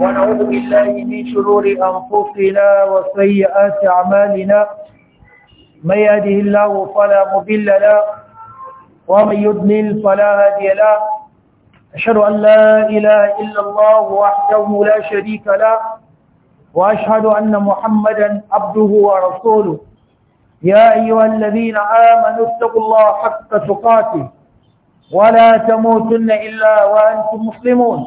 ونعوذ بالله من شرور أنفسنا وسيئات أعمالنا من يهده الله فلا مضل له ومن يضلل فلا هادي له أشهد أن لا إله إلا الله وحده لا شريك له وأشهد أن محمدا عبده ورسوله يا أيها الذين آمنوا اتقوا الله حق تقاته ولا تموتن إلا وأنتم مسلمون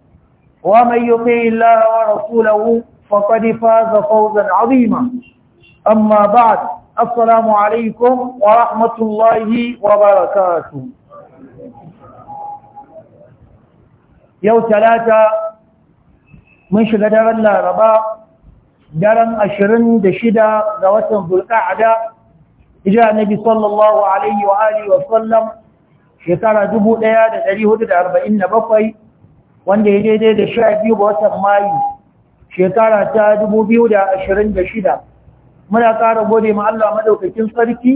ومن يطع الله ورسوله فقد فاز فوزا عظيما أما بعد السلام عليكم ورحمة الله وبركاته يوم ثلاثة من شغدر اللاربا daren ashirin da shida ga watan zulƙa'ada ijira annabi sallallahu alaihi wa alihi wa sallam shekara bakwai. wanda ya daidai da sha biyu ga watan mayu shekara ta dubu biyu da ashirin da shida muna ƙara gode ma Allah maɗaukakin sarki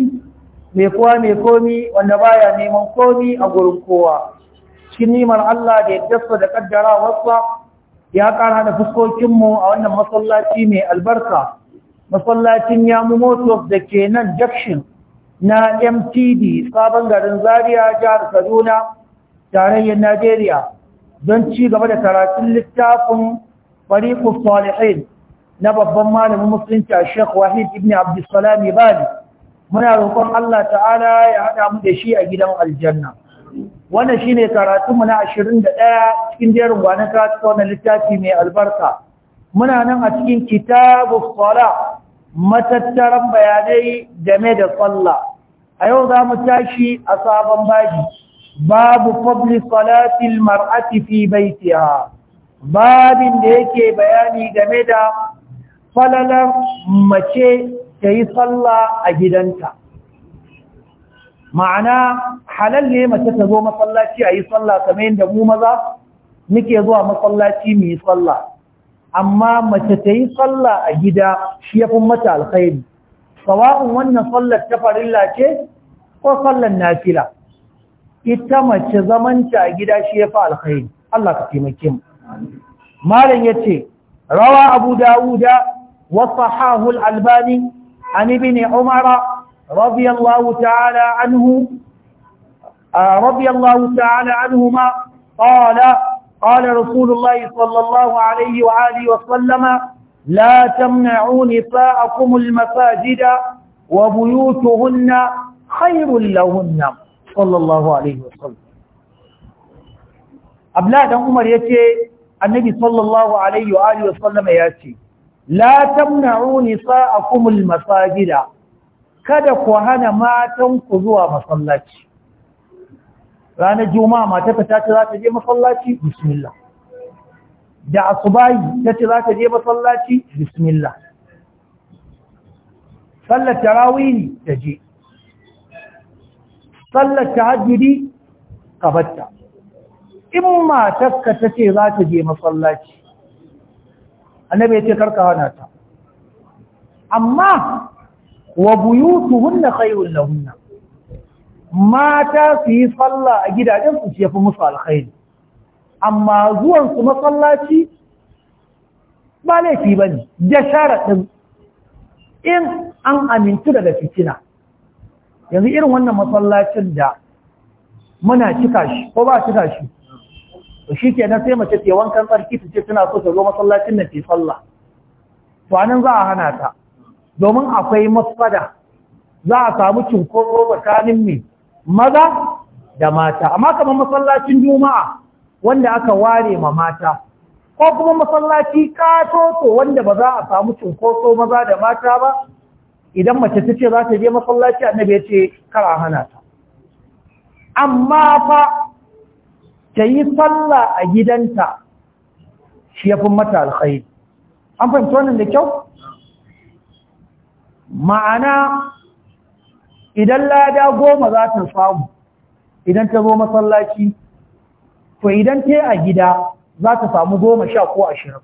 mai kowa mai komi wanda baya neman komi a gurin kowa cikin nimar Allah da ya dasa da ƙaddara wasa ya ƙara da fuskokinmu a wannan masallaci mai albarka masallacin mu motors da ke nan jakshin na mtd sabon garin zaria jihar kaduna tarayyar najeriya don ci gaba da karatun littafin fariqus salihin na babban malamin musulunci a Sheikh Wahid ibn Abdulsalam Bali muna roƙon Allah ta'ala ya haɗa mu da shi a gidan aljanna wannan shine karatun mu na 21 cikin jerin gwanin karatu na littafi mai albarka muna nan a cikin kitabu sala matattaran bayanai game da sallah a yau za mu tashi a sabon baji babu fadli salatil mar'ati fi baitiha babin da yake bayani game da falalar mace ta yi sallah a gidanta ma'ana halal ne mace ta zo masallaci a yi sallah kamar yadda mu maza muke zuwa masallaci mu yi sallah amma mace ta yi sallah a gida shi ya fi mata alkhairi sawa'un wannan sallar ta farilla ce ko sallar nafila ita mace zamanta a gida shi ya fa alkhairi Allah ka taimake mu malam yace rawa abu dauda wa sahahu al-albani an ibn umara radiyallahu ta'ala anhu radiyallahu ta'ala anhuma qala qala rasulullahi sallallahu alayhi wa alihi wa sallama لا تمنعوا نساءكم المساجد وبيوتهن خير لهن sallallahu alaihi wasallam abla dan umar ce annabi sallallahu alaihi wa alihi wasallam yace la tamna'u nisa'akum almasajida kada ku hana matanku zuwa masallaci ranar juma'a mata ta ce za ta je masallaci bismillah da ta ce za ta je masallaci bismillah sallar tarawih ta je sallar tahajjudi ka batta in matarka ta ce za ta je masallaci annabi ya ce karka hana ta amma wa buyutuhunna khayrun lahunna mata su yi sallah a gidajen su yafi musu alkhairi amma zuwan su masallaci ba laifi bane da sharaɗin in an amintu daga fitina yanzu irin wannan masallacin da muna cika shi ko ba cika shi to shi ke na sai mace ce wankan tsarki ta ce suna so ta zo masallacin da ke sallah to anan za a hana ta domin akwai matsada za a samu cinkoso tsakanin mai maza da mata amma kamar masallacin juma'a wanda aka ware ma mata ko kuma masallaci katoto wanda ba za a samu cinkoso maza da mata ba idan mace ta ce za ta je masallaci annabi ya ce kara hana ta amma fa ta yi sallah a gidanta shi ya fi mata alkhai an fahimci wannan da kyau ma'ana idan lada goma za ta samu idan ta zo masallaci to idan ta a gida za ta samu goma sha ko ashirin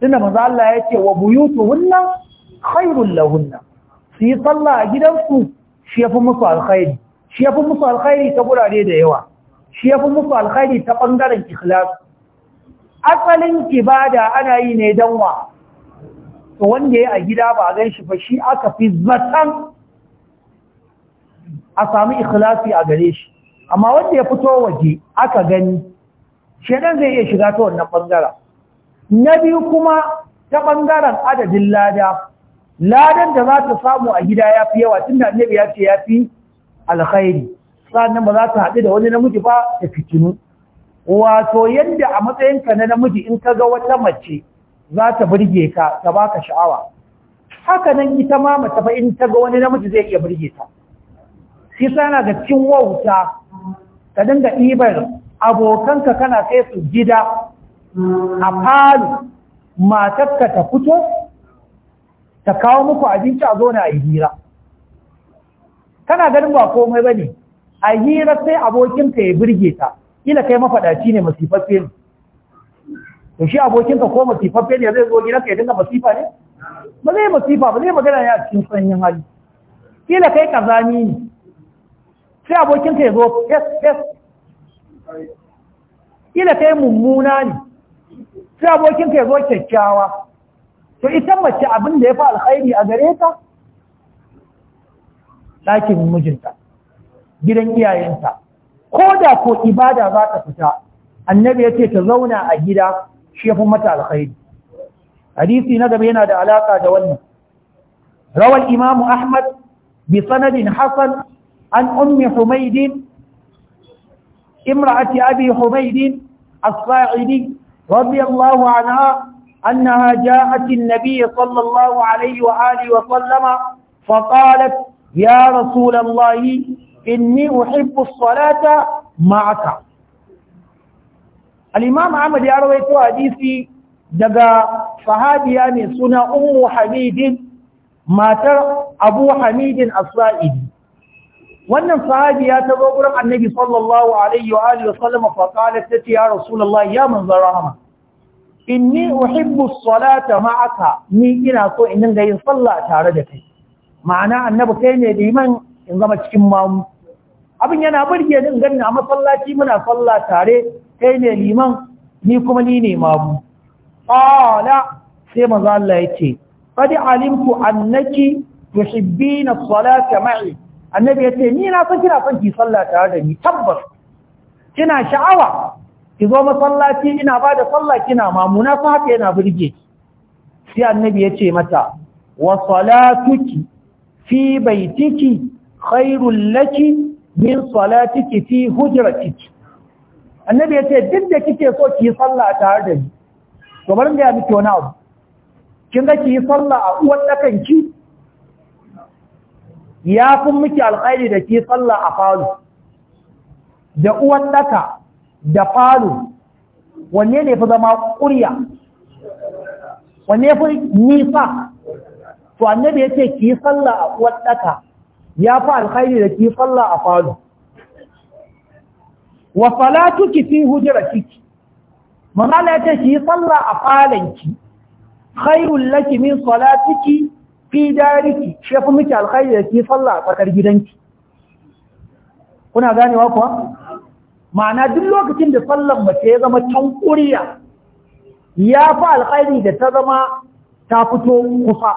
tunda maza Allah ya ce wa buyutu wannan? khairul lahunna su yi sallah a gidansu shi ya fi musu alkhairi shi ya fi musu alkhairi ta gurare da yawa shi ya fi musu alkhairi ta bangaren ikhlas asalin ibada ana yi ne don wa to wanda ya a gida ba a shi ba shi aka fi zatan a samu ikhlasi a gare shi amma wanda ya fito waje aka gani shedan zai iya shiga ta wannan bangara na biyu kuma ta ɓangaren adadin lada ladan da za ta samu a gida ya fi yawa tun da annabi ya ce ya fi alkhairi sannan ba za ta haɗu da wani namiji ba da fitinu wato yadda a matsayinka na namiji in ka ga wata mace za ta burge ka ta baka sha'awa haka nan ita ma mace fa in ta ga wani namiji zai iya burge ta shi yana ga cin wauta ka dinga ɗibar abokanka kana kai su gida a falo matarka ta fito ta kawo muku abinci a zona a yi hira kana ganin ba komai ba ne a hira sai abokinka ya birge ta ila kai mafaɗaci ne masifaffe ne to shi abokinka ko masifaffe ne zai zo gidanka ya dinga masifa ne ba zai masifa ba zai magana ne a cikin sanyin hali ila kai kazani ne sai abokinka ya zo fes fes ila kai mummuna ne sai abokinka ya zo kyakkyawa to ita mace abin da ya fi alkhairi a gare ta ɗakin mijinta gidan iyayenta ko da ko ibada za ta fita annabi ya ce ta zauna a gida shi ya fi mata alkhairi hadisi na gaba yana da alaka da wannan rawal imamu ahmad bi sanadin hasan an ummi humaydin imra'ati abi humaydin as-sa'idi radiyallahu anha أنها جاءت النبي صلى الله عليه وآله وسلم فقالت يا رسول الله إني أحب الصلاة معك الإمام عمد يرويت حديثي دقا صحابي يعني سنة أم حميد ما ترى أبو حميد أسرائيل وأن صحابي يتبقر النبي صلى الله عليه وآله وسلم فقالت يا رسول الله يا من ظرامك inni uhibbu salata ma'aka ni ina so in dinga yin sallah tare da kai ma'ana annabi kai ne liman in zama cikin mamu abin yana burge ni in ganin a masallaci muna sallah tare kai ne liman ni kuma ni ne mamu qala sai manzo Allah yace qad alimtu annaki tuhibbina salata ma'i annabi yace ni na san kina son ki sallah tare da ni tabbas kina sha'awa ki zo masallaci ina ba da sallah kina mamuna fa haka yana burge sai annabi ya ce mata wa salatuki fi baitiki khairul laki min salatiki fi hujratiki annabi ya ce duk da kike so ki sallah tare da ni to bari da miki wani abu kin ga ki sallah a uwan dakanki ya kun miki alkhairi da ki sallah a falo da uwan daka da falo wanne ne fi zama ƙurya wanne fi nisa to annabi ya ce ki yi sallah a waɗaka ya fi alkhairi da ki yi sallah a falo wa ki fi ciki manala ya ce ki yi sallah a falanki khairun laki min ki fi dariki shi fi miki alkhairi da ki yi sallah a tsakar gidanki kuna ganewa kuwa ma'ana duk lokacin da sallan mace ya zama ƙuriya ya fi alƙairi da ta zama ta fito kusa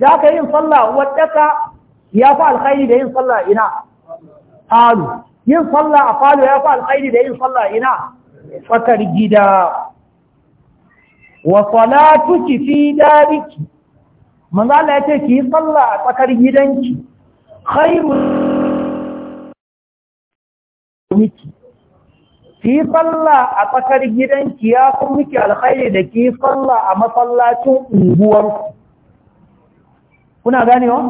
Ya ka yin sallah waɗaka ya fi alƙairi da yin sallah ina alu yin sallah a falo ya fi alƙairi da yin sallah ina tsakar gida wa ki fi dariki manzo Allah ya ce ki yi sallah a tsakar gidanki khairun miki kifalla sallah a tsakar gidanki ya kun miki alkhairi da kifalla sallah a masallacin unguwarku kuna gane wa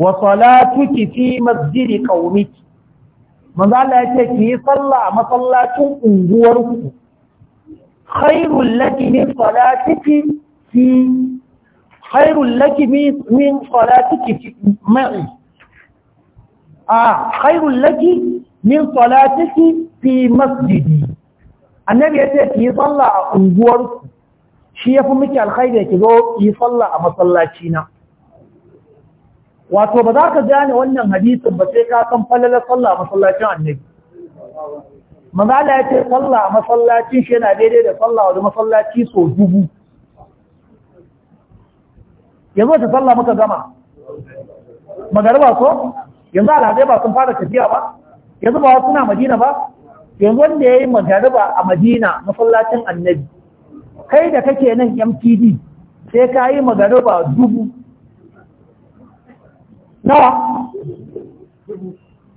Wa salatuki fi masjidi qaumiki manzo Allah ya ce ki sallah a masallacin unguwarku khairul laki min salatiki fi khairul laki min salatiki fi ma'i a ah, khairul laki min salatiki fi masjidi annabi ya ce ki yi sallah a unguwarku shi ya fi miki alkhairi da ki zo ki yi sallah a masallaci na wato ba za ka gane wannan hadisin ba sai ka san falalar sallah a masallacin annabi manzala ya ce sallah a masallacin shi yana daidai da sallah wani masallaci sau dubu yanzu ta sallah muka gama magarba ko yanzu alhazai ba sun fara tafiya ba yanzu ba wasu na madina ba yanzu wanda ya yi magariba a madina masallacin annabi kai da kake nan mtd sai ka yi magariba dubu nawa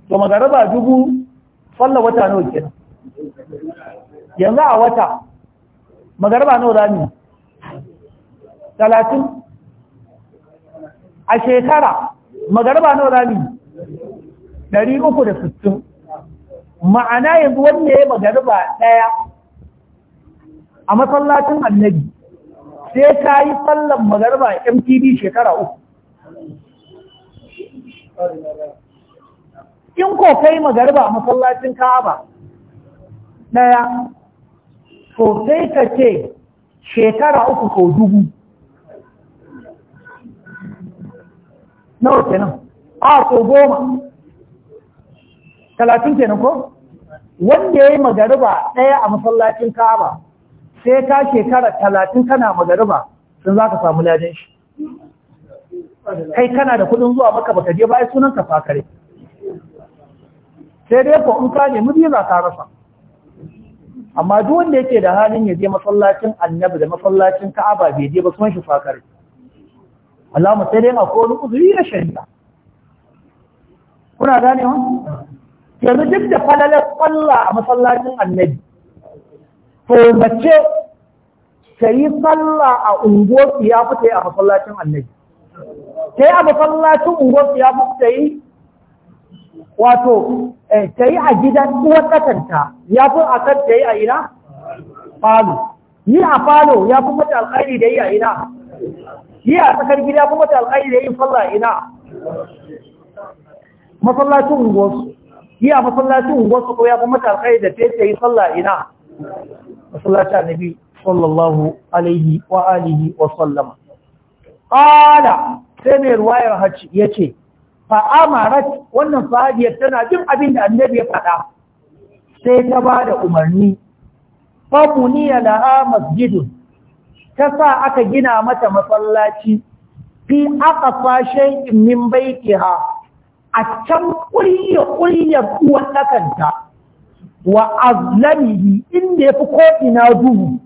to magariba dubu falla wata nawa kenan yanzu a wata magariba nawa rami talatin a shekara magariba nawa rami Dari uku da sittin ma'ana yanzu wanda ya magariba ɗaya a masallacin annabi sai ka yi sallan magariba MTB shekara uku in ko kai magariba a masallacin ka'aba ɗaya to sai ka ce shekara uku ko dubu nawa kenan a ko goma talatin kenan ko wanda ya yi magariba ɗaya a masallacin ka'aba sai ka shekara talatin kana magariba sun za ka samu ladin shi kai kana da kudin zuwa maka baka je bayan sunan ka fakare sai dai ko in ka nemi biza ka rasa amma duk wanda yake da halin ya je masallacin annabi da masallacin ka'aba bai je ba sunan shi fakare Allah mu sai dai akwai wani uzuri na shari'a kuna wa? yanzu duk da falalar sallah a masallacin annabi to mace ta yi sallah a unguwar ya fi ta yi a masallacin annabi ta yi a masallacin unguwar ya fi ta yi wato eh, ta yi a gidan uwar ƙasanta ya fi a kan ta yi a ina falo yi a falo ya fi mata alƙairi da yi a ina yi a tsakar gida ya fi mata alƙairi da yi falla a ina masallacin unguwarsu Jiya masallacin wasu ko ya fi mata da ta yi sallah ina masallacin annabi sallallahu alaihi wa alihi wa sallama ƙada sai mai ruwayar hajji yace fa amarat wannan fahadiyar tana jin abin da annabi ya faɗa sai ta ba da umarni fa na laha masjidun ta sa aka gina mata masallaci fi aka shay'in min ha a can ƙuriya ƙuriya uwan ɗakanta wa azlamihi inda yafi fi ko'ina duhu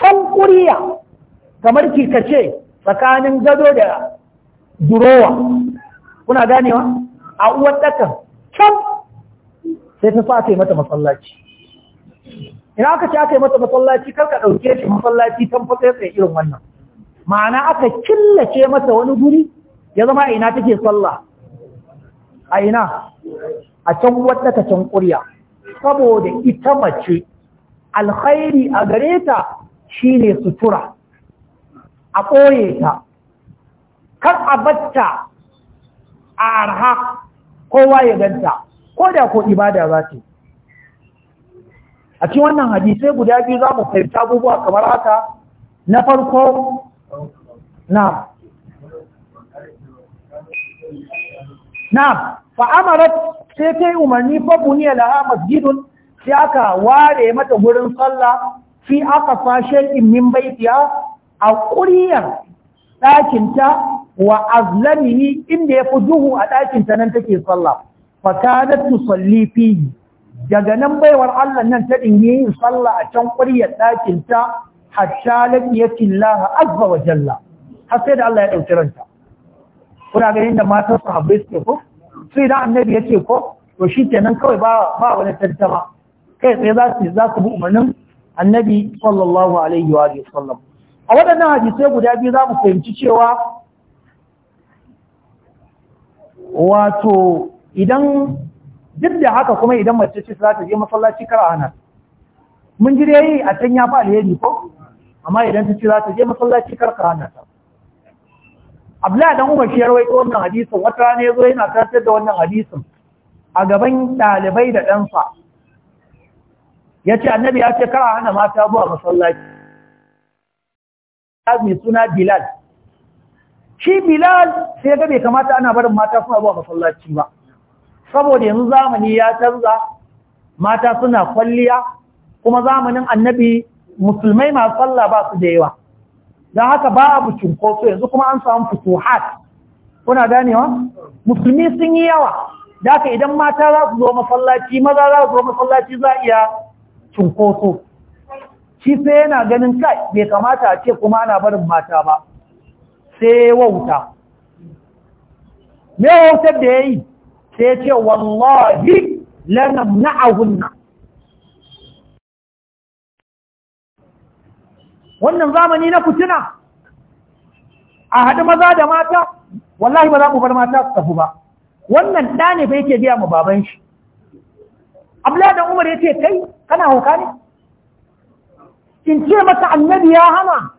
can ƙuriya kamar kikace tsakanin gado da durowa kuna ganewa a uwan ɗakan can sai ta sa yi mata masallaci ina aka ce aka yi mata masallaci karka ɗauke shi masallaci kan fasa tsaye irin wannan ma'ana aka killace mata wani guri ya zama ina take sallah a ina a can wadda ta can ƙurya saboda ita mace alkhairi a gare ta shine sutura a ɓoye ta kan a a arha kowa ya ganta ko da ko ibada za ta a cikin wannan hadisai guda biyu za mu fahimta abubuwa kamar haka na farko na na'am Fa'amarat sai ta yi umarni fa buniya laha masjidun sai aka ware mata gurin sallah fi aka fashe min baitiya a ƙuriyar ɗakinta wa azlamihi inda ya fi duhu a ɗakinta nan take sallah fa kanat tusalli daga nan baiwar Allah nan ta dinge yin sallah a can ƙuriyar ɗakinta hatta laqiyatillahi azza wa jalla har sai da Allah ya ɗauki ranta kuna ganin da matan su habbai suke ko su idan annabi ya ce ko to shi kenan kawai ba ba wani tattama. kai tsaye za su za su bi umarnin annabi sallallahu alaihi wa sallam a waɗannan hadisai guda biyu za mu fahimci cewa wato idan duk da haka kuma idan mace ce za ta je masallaci kar ana mun ji dai a can ya fa alheri ko amma idan ta ce za ta je masallaci kar ka hana ta Abdullahi dan Umar shi ya rawaito wannan hadisin wata rana yazo yana karantar da wannan hadisin a gaban ɗalibai da ɗansa yace annabi ya ce kara hana mata zuwa masallaci mai suna Bilal shi Bilal sai ga bai kamata ana barin mata suna zuwa masallaci ba saboda yanzu zamani ya canza mata suna kwalliya kuma zamanin annabi musulmai masu sallah ba su da yawa don haka ba abu cunkoso yanzu kuma an samu futuhat kuna ganewa musulmi sun yi yawa daka idan mata za su zo masallaci maza za su zo masallaci za iya cunkoso. shi sai yana ganin kai bai kamata a ce kuma ana barin mata ba sai wauta me wautar da ya yi sai ce wallahi lanam na'ahunna wannan zamani na fitina a haɗu maza da mata wallahi ba za mu bar mata su tafi ba wannan ɗa ne fa yake biya mu baban shi abdullahi umar umar ce kai kana hauka ne in ce masa annabi ya hana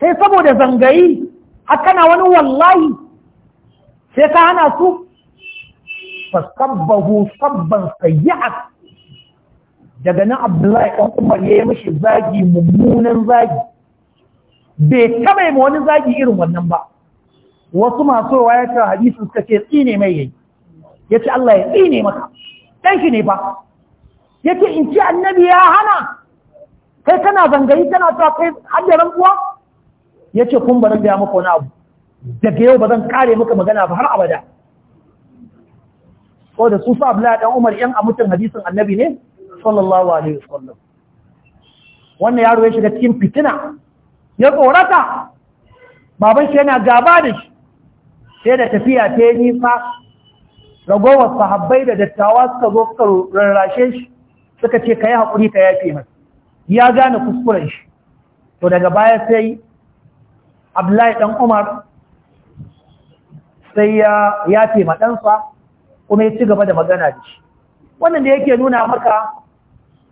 sai saboda zangayi har kana wani wallahi sai ka hana su fasabbahu sabban sayyi'a daga nan abdullahi ɗan umar ya yi mashi zagi mummunan zagi bai taɓa yi wani zagi irin wannan ba wasu masu ya ta hadisi suka ce tsine mai yayi ya ce Allah ya tsine maka ɗan shi ne ba ya ce in ci annabi ya hana kai kana zangayi kana ta kai hajjaran kuwa ya ce kun barin da ya maka wani abu daga yau ba zan kare maka magana ba har abada ko da su sa abdullahi ɗan umar yan amutin hadisin annabi ne sallallahu alaihi wasallam wannan yaro ya shiga cikin fitina ya tsorata baban shi yana gaba da shi sai da tafiya ta yi nisa ragowar sahabbai da dattawa suka zo suka rarrashe shi suka ce ka yi haƙuri ka yafe masa ya gane kuskuren shi to daga baya sai abdullahi Dan umar sai ya yafe ɗansa kuma ya ci gaba da magana da shi wannan da yake nuna maka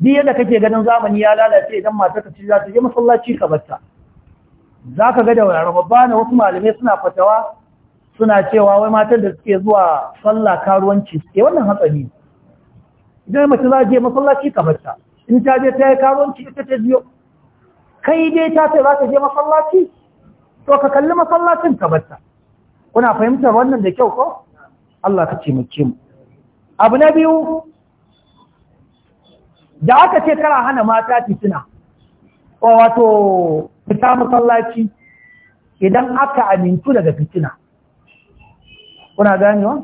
duk yadda kake ganin zamani ya lalace idan matar ta ce za ta je masallaci ka barta za ka ga da rababba na wasu malamai suna fatawa suna cewa wai matar da suke zuwa sallah karuwanci suke wannan hatsari idan mace za je masallaci ka barta in ta je ta yi karuwanci ita ta biyo kai dai ta ce za ta je masallaci to ka kalli masallacin ka barta kuna fahimtar wannan da kyau ko Allah ka ce mu abu na biyu da aka ce kara hana mata fitina ko wato fita masallaci idan aka amintu daga fitina kuna wa?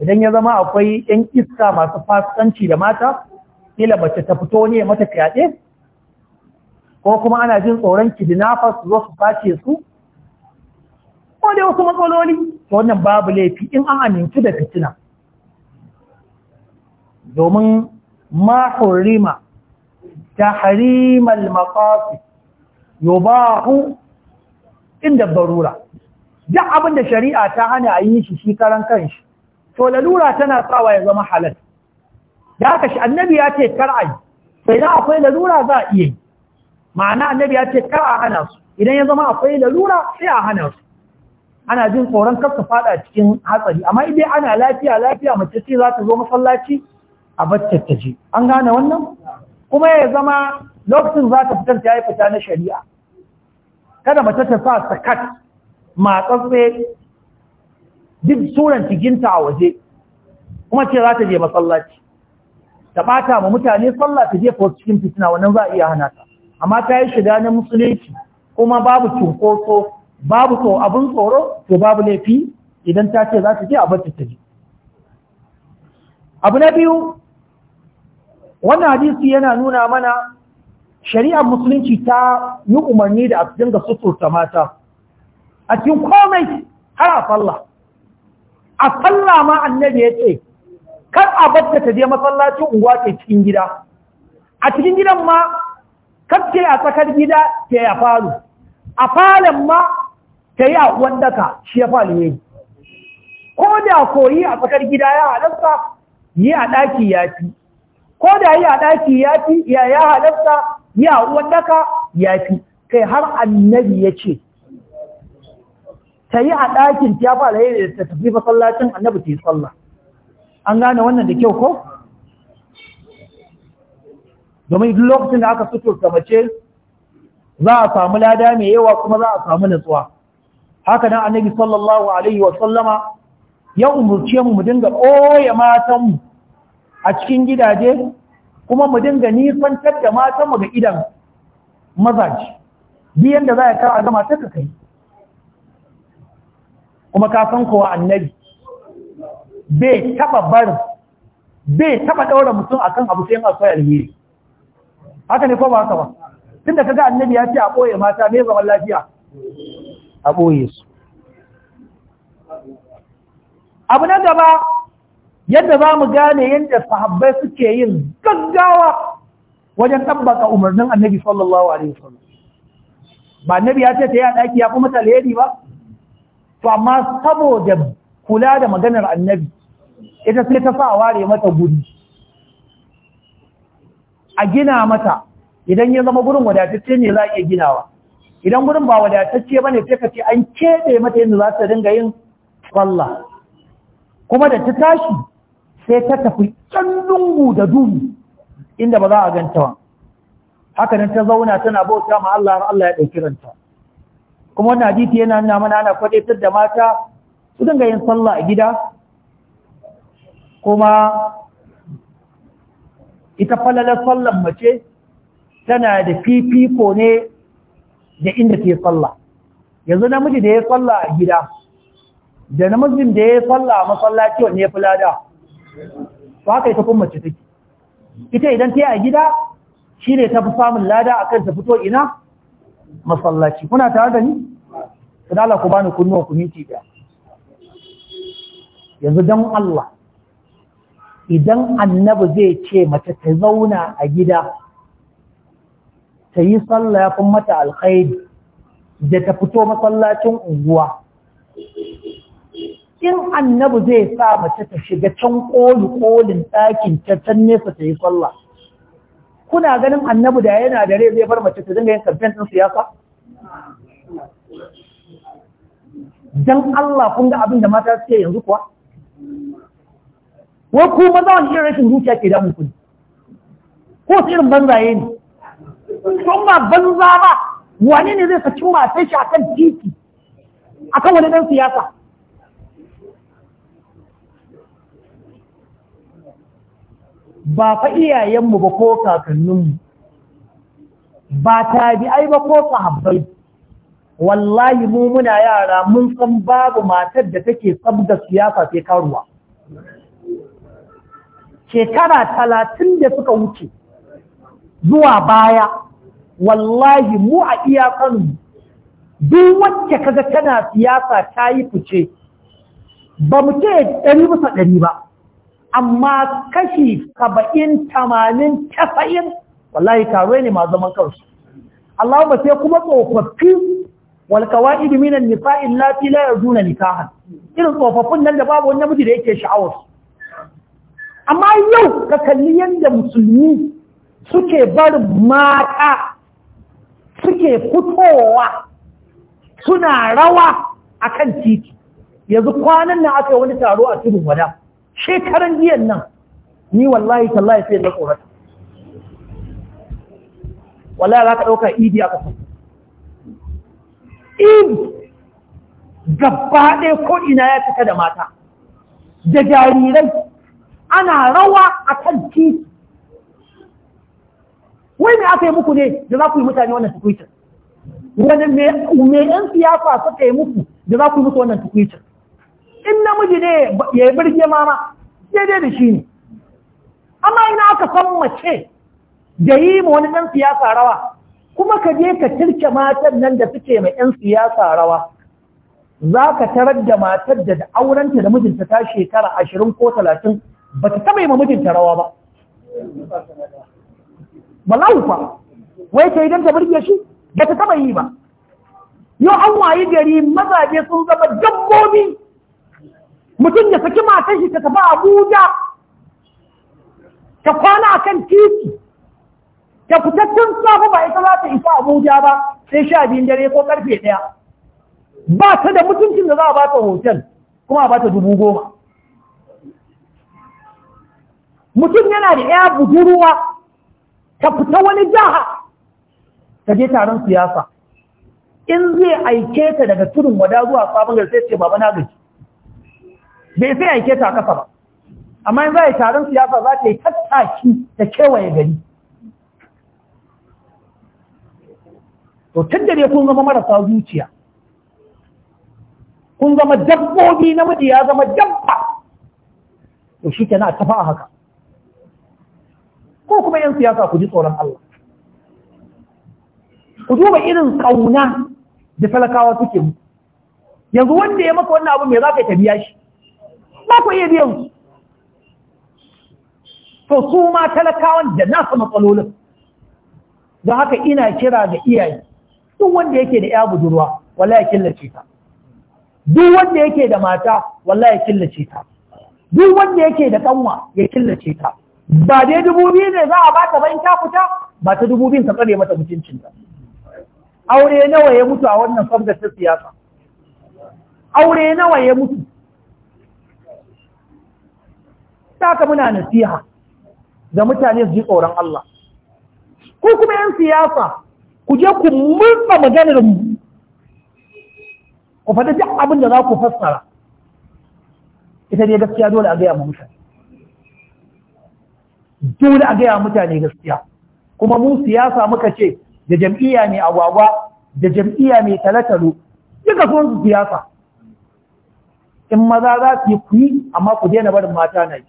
idan ya zama akwai yan iska masu fasikanci da mata kila bace ta fito ne mata fyaɗe ko kuma ana jin tsoron kidnappers su zo su face su ko dai wasu matsaloli to wannan babu laifi in an amintu da fitina domin ما حرم تحريم المقاصد يباح عند الضرورة duk abin da shari'a ta hana a yi shi shi karan kanshi to lalura tana sawa ya zama halal da aka shi annabi ya ce kar a yi sai da akwai lalura za a iya yi ma'ana annabi ya ce kar a hana su idan ya zama akwai lalura sai a hana su ana jin tsoron kasa su fada cikin hatsari amma idan ana lafiya lafiya mace ce za ta zo masallaci a an gane wannan kuma ya zama lokacin za ta fitar ta yi fita na shari'a kada mace ta sa sakat matsatse duk suran ciginta a waje kuma ce za ta je masallaci ta ɓata ma mutane sallah ta je for cikin fitina wannan za a iya hana ta amma ta yi shiga na musulunci kuma babu cunkoso babu to abin tsoro to babu laifi idan ta ce za ta je a ta je abu na biyu wannan hadisi yana nuna mana shari'ar musulunci ta yi umarni da a ga suturta mata a cikin komai har a falla a falla ma annabi ya ce kar a batta ta je masallacin unguwa ke cikin gida a cikin gidan ma kan ce a tsakar gida ke ya a falo a falon ma ta yi a wandaka shi ya falu ne ko da koyi a tsakar gida ya halarsa yi a ɗaki ya fi ko da yi a ɗaki ya fi ya ya halatta ya uwan daka ya fi kai har annabi ya ce ta yi a ɗakin ta fa yi da ta tafi masallacin annabi ta yi sallah an gane wannan da kyau ko domin duk lokacin da aka fito ta mace za a samu lada mai yawa kuma za a samu natsuwa haka nan annabi sallallahu alaihi wa sallama ya umurce mu mu dinga ɓoye matanmu a cikin gidaje kuma mu dinga nisantar da matanmu ga idan mazaji biyan da za a kawo a zama ta kai kuma ka san kowa annabi bai taba ɗaura bai taba daura mutum akan abu sai akwai alheri haka ne ko ba haka ba tunda kaga annabi ya ce a boye mata me zaman lafiya a boye su abu na gaba yadda za mu gane yadda sahabbai suke yin gaggawa wajen tabbaka umarnin annabi sallallahu alaihi wasallam ba annabi ya ce ta yi ɗaki ya kuma talheri ba to amma saboda kula da maganar annabi ita sai ta sa ware mata guri a gina mata idan ya zama gurin wadatacce ne za a iya ginawa idan gurin ba wadatacce ba ne sai ka ce an keɓe mata yadda za ta dinga yin sallah kuma da ta tashi sai ta tafi can dungu da duhu inda ba za a ganta ba haka nan ta zauna tana bauta ma Allah har Allah ya ɗauki ranta kuma wannan hadisi yana nuna mana ana kwadaitar da mata su dinga yin sallah a gida kuma ita falalar sallan mace tana da fifiko ne da inda ke sallah yanzu namiji da ya sallah a gida da namijin da ya sallah a masallaci wanne ya fi lada to haka ita kuma mace take ita idan ta yi a gida shi ne ta fi samun lada a kan ta fito ina masallaci kuna tare da ni? sun Allah ku bani kunnuwa ku miti da. yanzu don Allah idan annabi zai ce mace ta zauna a gida ta yi sallah ya mata alkhairi da ta fito masallacin unguwa in annabi zai sa mace ta shiga can koli-kolin ɗakin ta nesa ta yi sallah kuna ganin annabi da yana da rai zai bar mace ta dinga yin kamfen ɗin siyasa don Allah kun ga abin da mata suke yanzu kuwa wai ku maza wani irin rashin zuciya ke damun ku ko su irin yi ne sun ba banza ba wani ne zai saki matar shi akan titi akan wani ɗan siyasa ba fa iyayenmu ba ko kakanninmu ba ta ai ba ko sahabbai wallahi mu muna yara mun san babu matar da take tsabda siyasa sai karuwa shekara talatin da suka wuce zuwa baya wallahi mu a iyakanmu duk wacce kaga tana siyasa ta yi fice ba mu ce ɗari bisa ɗari ba amma kashi saba'in tamanin casa'in wallahi karuwa ne masu zaman kansu ba sai kuma tsofaffi walkawa iliminan min an nisa'i nikahan irin tsofaffin nan da babu wani namiji da yake sha'awar amma yau ka kalli yadda musulmi suke barin mata suke fitowa suna rawa a kan titi yanzu kwanan nan aka yi wani taro a tudun wada shekaran jiyan nan ni wallahi tallahi sai na tsorata wallahi za ka ɗauka idi a ƙasar? idi gaba ɗaya ko ina ya fita da mata da jarirai ana rawa a kan titi wai me aka yi muku ne da za ku yi mutane wannan tukwitar? wani me yan siyasa suka yi muku da za ku yi musu wannan tukwitar? in namiji ne ya yi birge mama daidai da shi ne amma ina aka san mace da yi ma wani ɗan siyasa rawa kuma ka je ka cirke matan nan da suke mai ɗan siyasa rawa za ka tarar da matar da aurenta da mijinta ta shekara ashirin ko talatin ba ta taɓa yi ma mijinta rawa ba bala'u fa wai ta idan ta birge shi ba ta taɓa yi ba yau an wayi gari mazaje sun zama dabbobi mutum ya saki matan shi ta tafi abuja ta kwana kan titi ta fita tun safe ba ita za ta isa abuja ba sai sha biyun dare ko karfe ɗaya ba ta da mutuncin da za a bata hotel kuma a ba dubu goma mutum yana da ya budurwa ta fita wani jaha ta je taron siyasa in zai aike ta daga tudun wada zuwa sabon gari ce baba na gaji bai sai aike ta kasa ba amma yin za a taron siyasa za ta yi tattaki da kewaye gari to tun kun zama marasa zuciya kun zama dabbobi namiji ya zama dabba to shi kenan a tafa a haka ko kuma yan siyasa ku ji tsoron Allah ku duba irin kauna da talakawa suke mu yanzu wanda ya maka wannan abu me za ka tabiya shi ba ku iya biyan su to su ma talakawan da nasa matsalolin don haka ina kira ga iyaye duk wanda yake da ya budurwa wallahi killace ta duk wanda yake da mata wallahi killace ta duk wanda yake da kanwa ya killace ta ba dai dubu biyu ne za a bata ba ta bayan kafuta ba ta dubu biyun ta tsare mata mutuncin ta aure nawa ya mutu a wannan sabgar ta siyasa aure nawa ya mutu haka muna nasiha da mutane su ji tsoron Allah ko kuma yan siyasa ku je ku murna maganar mu ku faɗi duk abin da za ku fassara ita ne gaskiya dole a gaya mu mutane dole a gaya mutane gaskiya kuma mu siyasa muka ce da jam'iyya mai agwagwa da jam'iyya mai talatalo duka sun su siyasa in maza za su yi kuyi amma ku daina barin mata na yi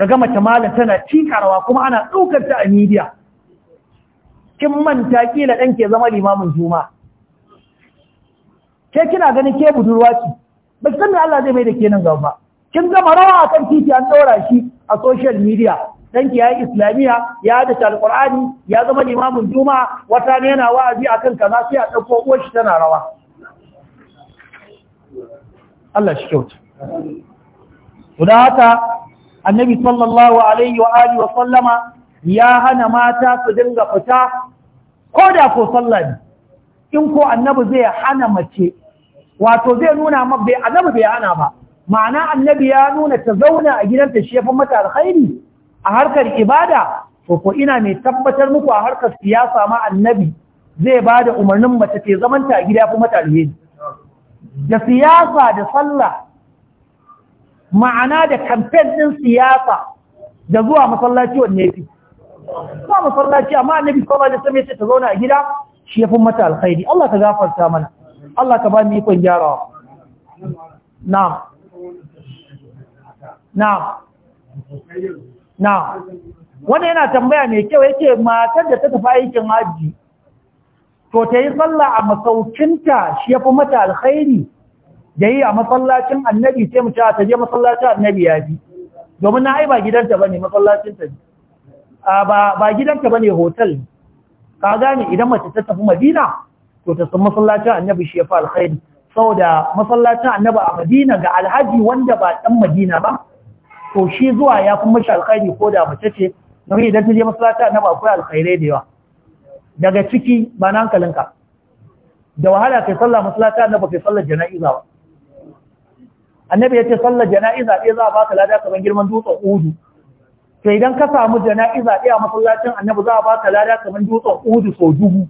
ka gama malam tana cikarawa kuma ana ɗaukar ta a midiya kin manta kila ɗan ke zama limamin juma ke kina ganin ke budurwa ce ba san me Allah zai mai da ke nan gaba kin zama rawa akan titi an ɗaura shi a social media danki ya yi islamiyya ya da alkur'ani ya zama limamin juma'a wata ne yana wa'azi akan kaza sai a ɗauko uwar shi tana rawa Allah shi kyauta to haka annabi sallallahu alaihi wa alihi wa sallama ya hana mata su dinga fita ko da ko sallah ne in ko annabi zai hana mace wato zai nuna ma bai annabi bai hana ba ma'ana annabi ya nuna ta zauna a gidanta shi yafi mata alkhairi a harkar ibada to ko ina mai tabbatar muku a harkar siyasa ma annabi zai bada umarnin mace ta zamanta a gida yafi mata alheri da siyasa da sallah ma'ana da kamfen ɗin siyasa da zuwa masallaci wanne fi ba masallaci amma annabi sallallahu alaihi wasallam ya ce ta zauna a gida shi ya fi mata alkhairi Allah ka gafarta mana Allah ka ba mu ikon gyarawa na'am na'am na'am wanda yana tambaya mai kyau yake matar da ta tafi aikin haji to ta yi sallah a masaukinta shi ya fi mata alkhairi yayi a masallacin annabi sai mu ta je masallacin annabi ya ji domin na ai ba gidanta bane masallacin ta a ba ba gidanta bane hotel ka gane idan mace ta tafi Madina to ta san masallacin annabi shi ya fa alkhairi saboda masallacin annabi a Madina ga alhaji wanda ba dan Madina ba to shi zuwa ya kuma shi alkhairi ko da mace ce domin idan ta je masallacin annabi akwai alkhairai da yawa daga ciki ba na hankalinka da wahala kai sallah masallacin annabi kai sallar jana'iza ba annabi ya ce sallar jana'iza ɗaya za a ba ka lada kamar girman dutsen udu to idan ka samu jana'iza ɗaya masallacin annabi za a ba ka lada kamar dutsen udu sau dubu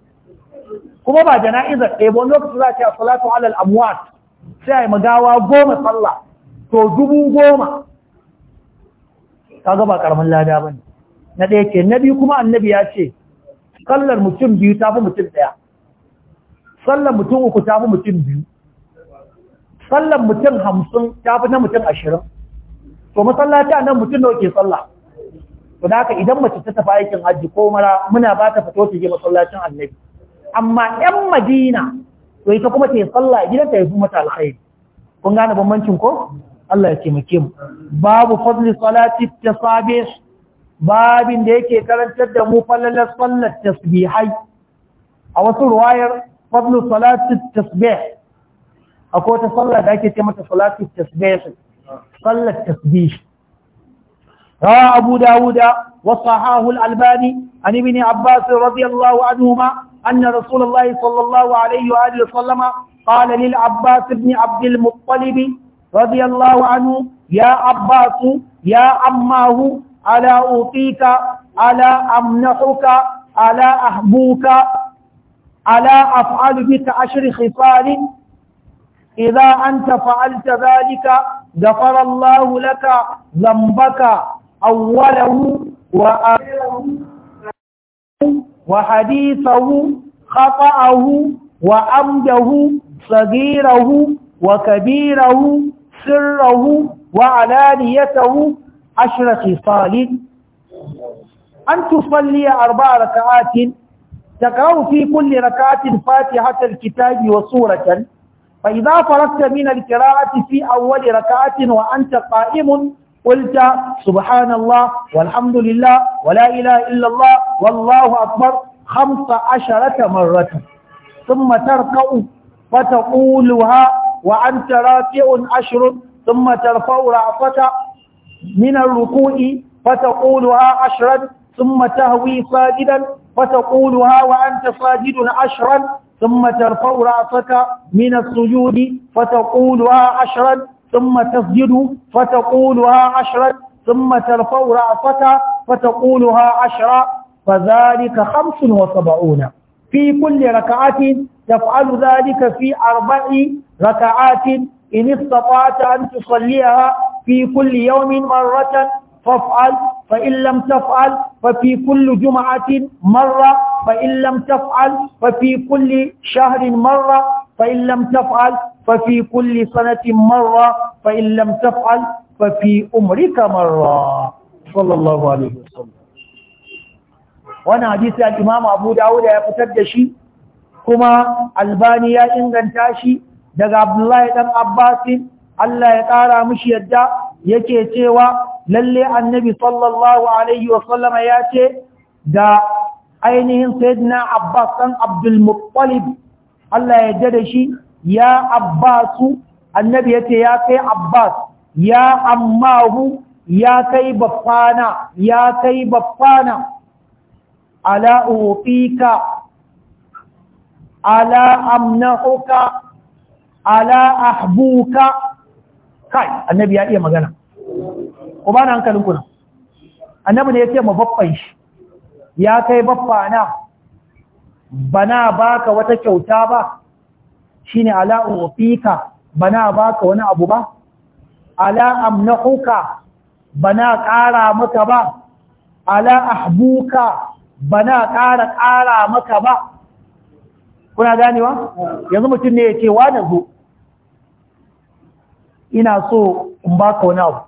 kuma ba jana'iza ɗaya ba wani lokaci za a ce a salatu alal amwat sai a yi magawa goma sallah sau dubu goma ka gaba karamin lada ba ne na ɗaya ke na biyu kuma annabi ya ce sallar mutum biyu ta fi mutum ɗaya sallar mutum uku ta fi mutum biyu sallan mutum hamsin ta fi na mutum ashirin to masallaci a nan mutum nawa ke sallah to da haka idan mace ta tafi aikin hajji ko mara muna ba ta fito ta je masallacin annabi amma yan madina to ita kuma ta yi sallah gidan ta yi mata alkhairi kun gane bambancin ko Allah ya taimake mu babu fadli salati tasabih babin da yake karantar da mu fallalar sallar tasbihai a wasu ruwayar fadlu salati tasbih akwai wata sallah da ake ce mata salatu tasbih sallar tasbih rawa abu dawuda wa sahahu al-albani an ibn abbas radiyallahu anhuma anna rasulullah sallallahu alaihi wa alihi sallama qala lil abbas ibn abd al-muttalib radiyallahu anhu ya abbas ya ammahu ala utika ala amnahuka ala ahbuka ala af'alu bika ashri khisalin إذا أنت فعلت ذلك غفر الله لك ذنبك أوله وآخره وحديثه خطأه وأمده صغيره وكبيره سره وعلانيته عشر خصال أن تصلي أربع ركعات تقرأ في كل ركعة فاتحة الكتاب وسورة فإذا فرغت من القراءة في أول ركعة وأنت قائم قلت سبحان الله والحمد لله ولا إله إلا الله والله أكبر خمس عشرة مرة ثم تركع فتقولها وأنت راكع عشر ثم ترفع رأسك من الركوع فتقولها عشرا ثم تهوي ساجدا فتقولها وأنت ساجد عشرا ثم ترفع رأسك من السجود فتقولها عشرا ثم تسجد فتقولها عشرا ثم ترفع رأسك فتقولها عشرا فذلك خمس وسبعون في كل ركعة تفعل ذلك في أربع ركعات إن استطعت أن تصليها في كل يوم مرة فافعل فإن لم تفعل ففي كل جمعة مرة فإن لم تفعل ففي كل شهر مرة فإن لم تفعل ففي كل سنة مرة فإن لم تفعل ففي أمرك مرة صلى الله عليه وسلم وانا حديث الإمام أبو داود يفتد شيء كما الباني إنغان تاشي دقى عبد الله بن عباس الله يقارى مشي يدى yake cewa lalle annabi sallallahu alaihi wasallama ya ce da ainihin sayyidina abbas ɗan abdulmuttalib Allah ya jada shi ya abbasu annabi yace ya kai abbas ya ammahu ya kai baffana ya kai baffana ala utika ala amnahuka ala ahbuka kai annabi ya iya magana ku ba na hankalin ku annabi ne ya ce ma babban shi ya kai babba na bana baka wata kyauta ba shine ala ufika bana baka wani abu ba ala amnahuka bana kara maka ba ala ahbuka bana kara kara maka ba kuna ganewa yanzu mutum ne ya ce wa na zo ina so in ba ka wani abu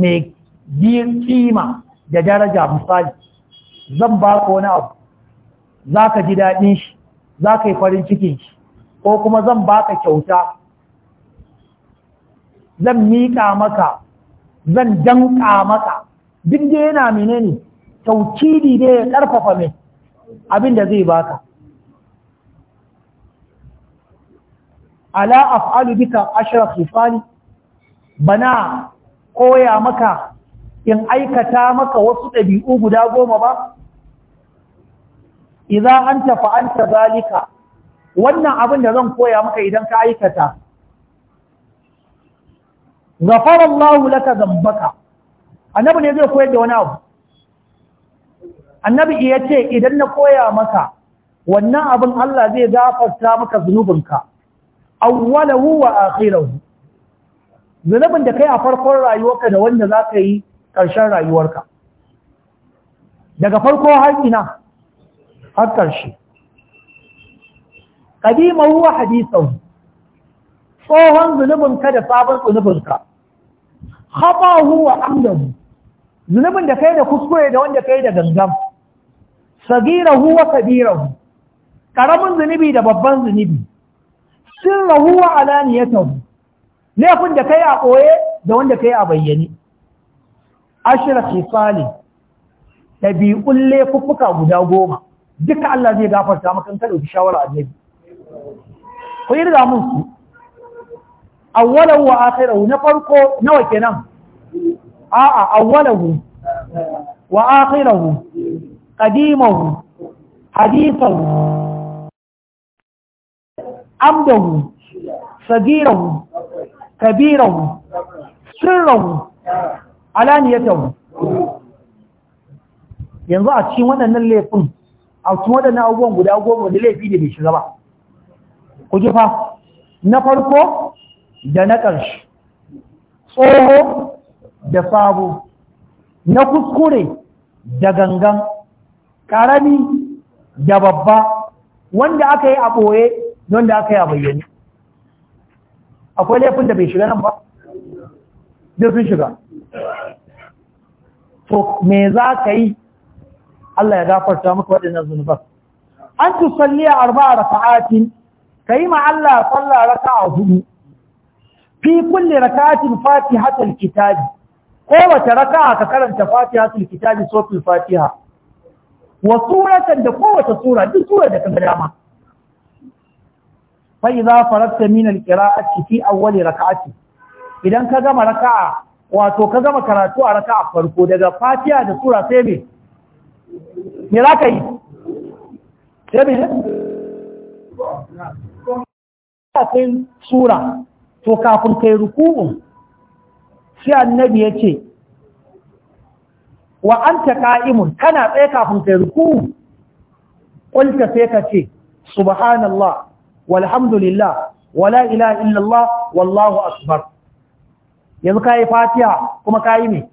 mai biyan kima da daraja misali zan ba ka wani abu za ka ji daɗin shi za ka yi farin cikin shi ko kuma zan ba ka kyauta zan miƙa maka zan danƙa maka duk da yana ne kyauci ne ya ƙarfafa mai abin da zai baka ala af'alu bika ashra khifali bana koya maka in aikata maka wasu ɗabi'u guda goma ba idan an tafi an ta zalika wannan abin da zan koya maka idan ka aikata gafara Allah laka zambaka annabi ne zai koyar da wani abu annabi iya ce idan na koya maka wannan abin Allah zai gafarta maka zunubinka awwalahu wa akhirahu zunubin da kai a farkon rayuwarka da wanda za ka yi ƙarshen rayuwarka daga farko har ina har ƙarshe ƙadima huwa hadisan tsohon ka da sabon ka? haɓa huwa amdamu zunubin da kai da kuskure da wanda kai da gangan sagira huwa kabirahu ƙaramin zunubi da babban zunubi rahuwa a alaniyatahu laifin da kai a ɓoye da wanda kai a bayyane ashir khisali ɗabi'un laifuffuka guda goma duka Allah zai gafarta makon kada ka ɗauki a annabi ku yi riga mun su awwalahu wa akhirahu na farko nawa kenan a'a awwalahu wa akhirahu qadimahu hadithahu amdahu sagirahu kabirahu sirrahu alaniyatahu yanzu a cikin waɗannan laifin a cikin waɗannan abubuwan guda goma da laifi ne bai shiga ba ku fa na farko da na ƙarshe tsoho da sabo na kuskure da gangan ƙarami da babba wanda aka yi a ɓoye don da aka yi a bayyane akwai laifin da bai shiga nan ba duk sun shiga to me za ka yi Allah ya gafarta maka waɗannan zunubar an salli a a raka'atin ka yi ma Allah raka a hudu fi kulli raka'atin hatar kitabi kowace raka'a ka karanta Fati hatar kitabi sofin fatiha wa suratan da kowace sura duk sura da ka ga dama fa idza faratta min alqira'ati fi awwal rak'ati idan ka gama raka'a wato ka gama karatu a raka'a farko daga fatiha da sura sai me me za ka yi sai me kafin sura to kafin kai ruku'un sai annabi ya ce wa anta qa'imun kana tsaye kafin kai ruku'u qulta sai ka ce subhanallah والحمد لله ولا اله الا الله والله اكبر يبقى كاي فاتحه كما كاي مي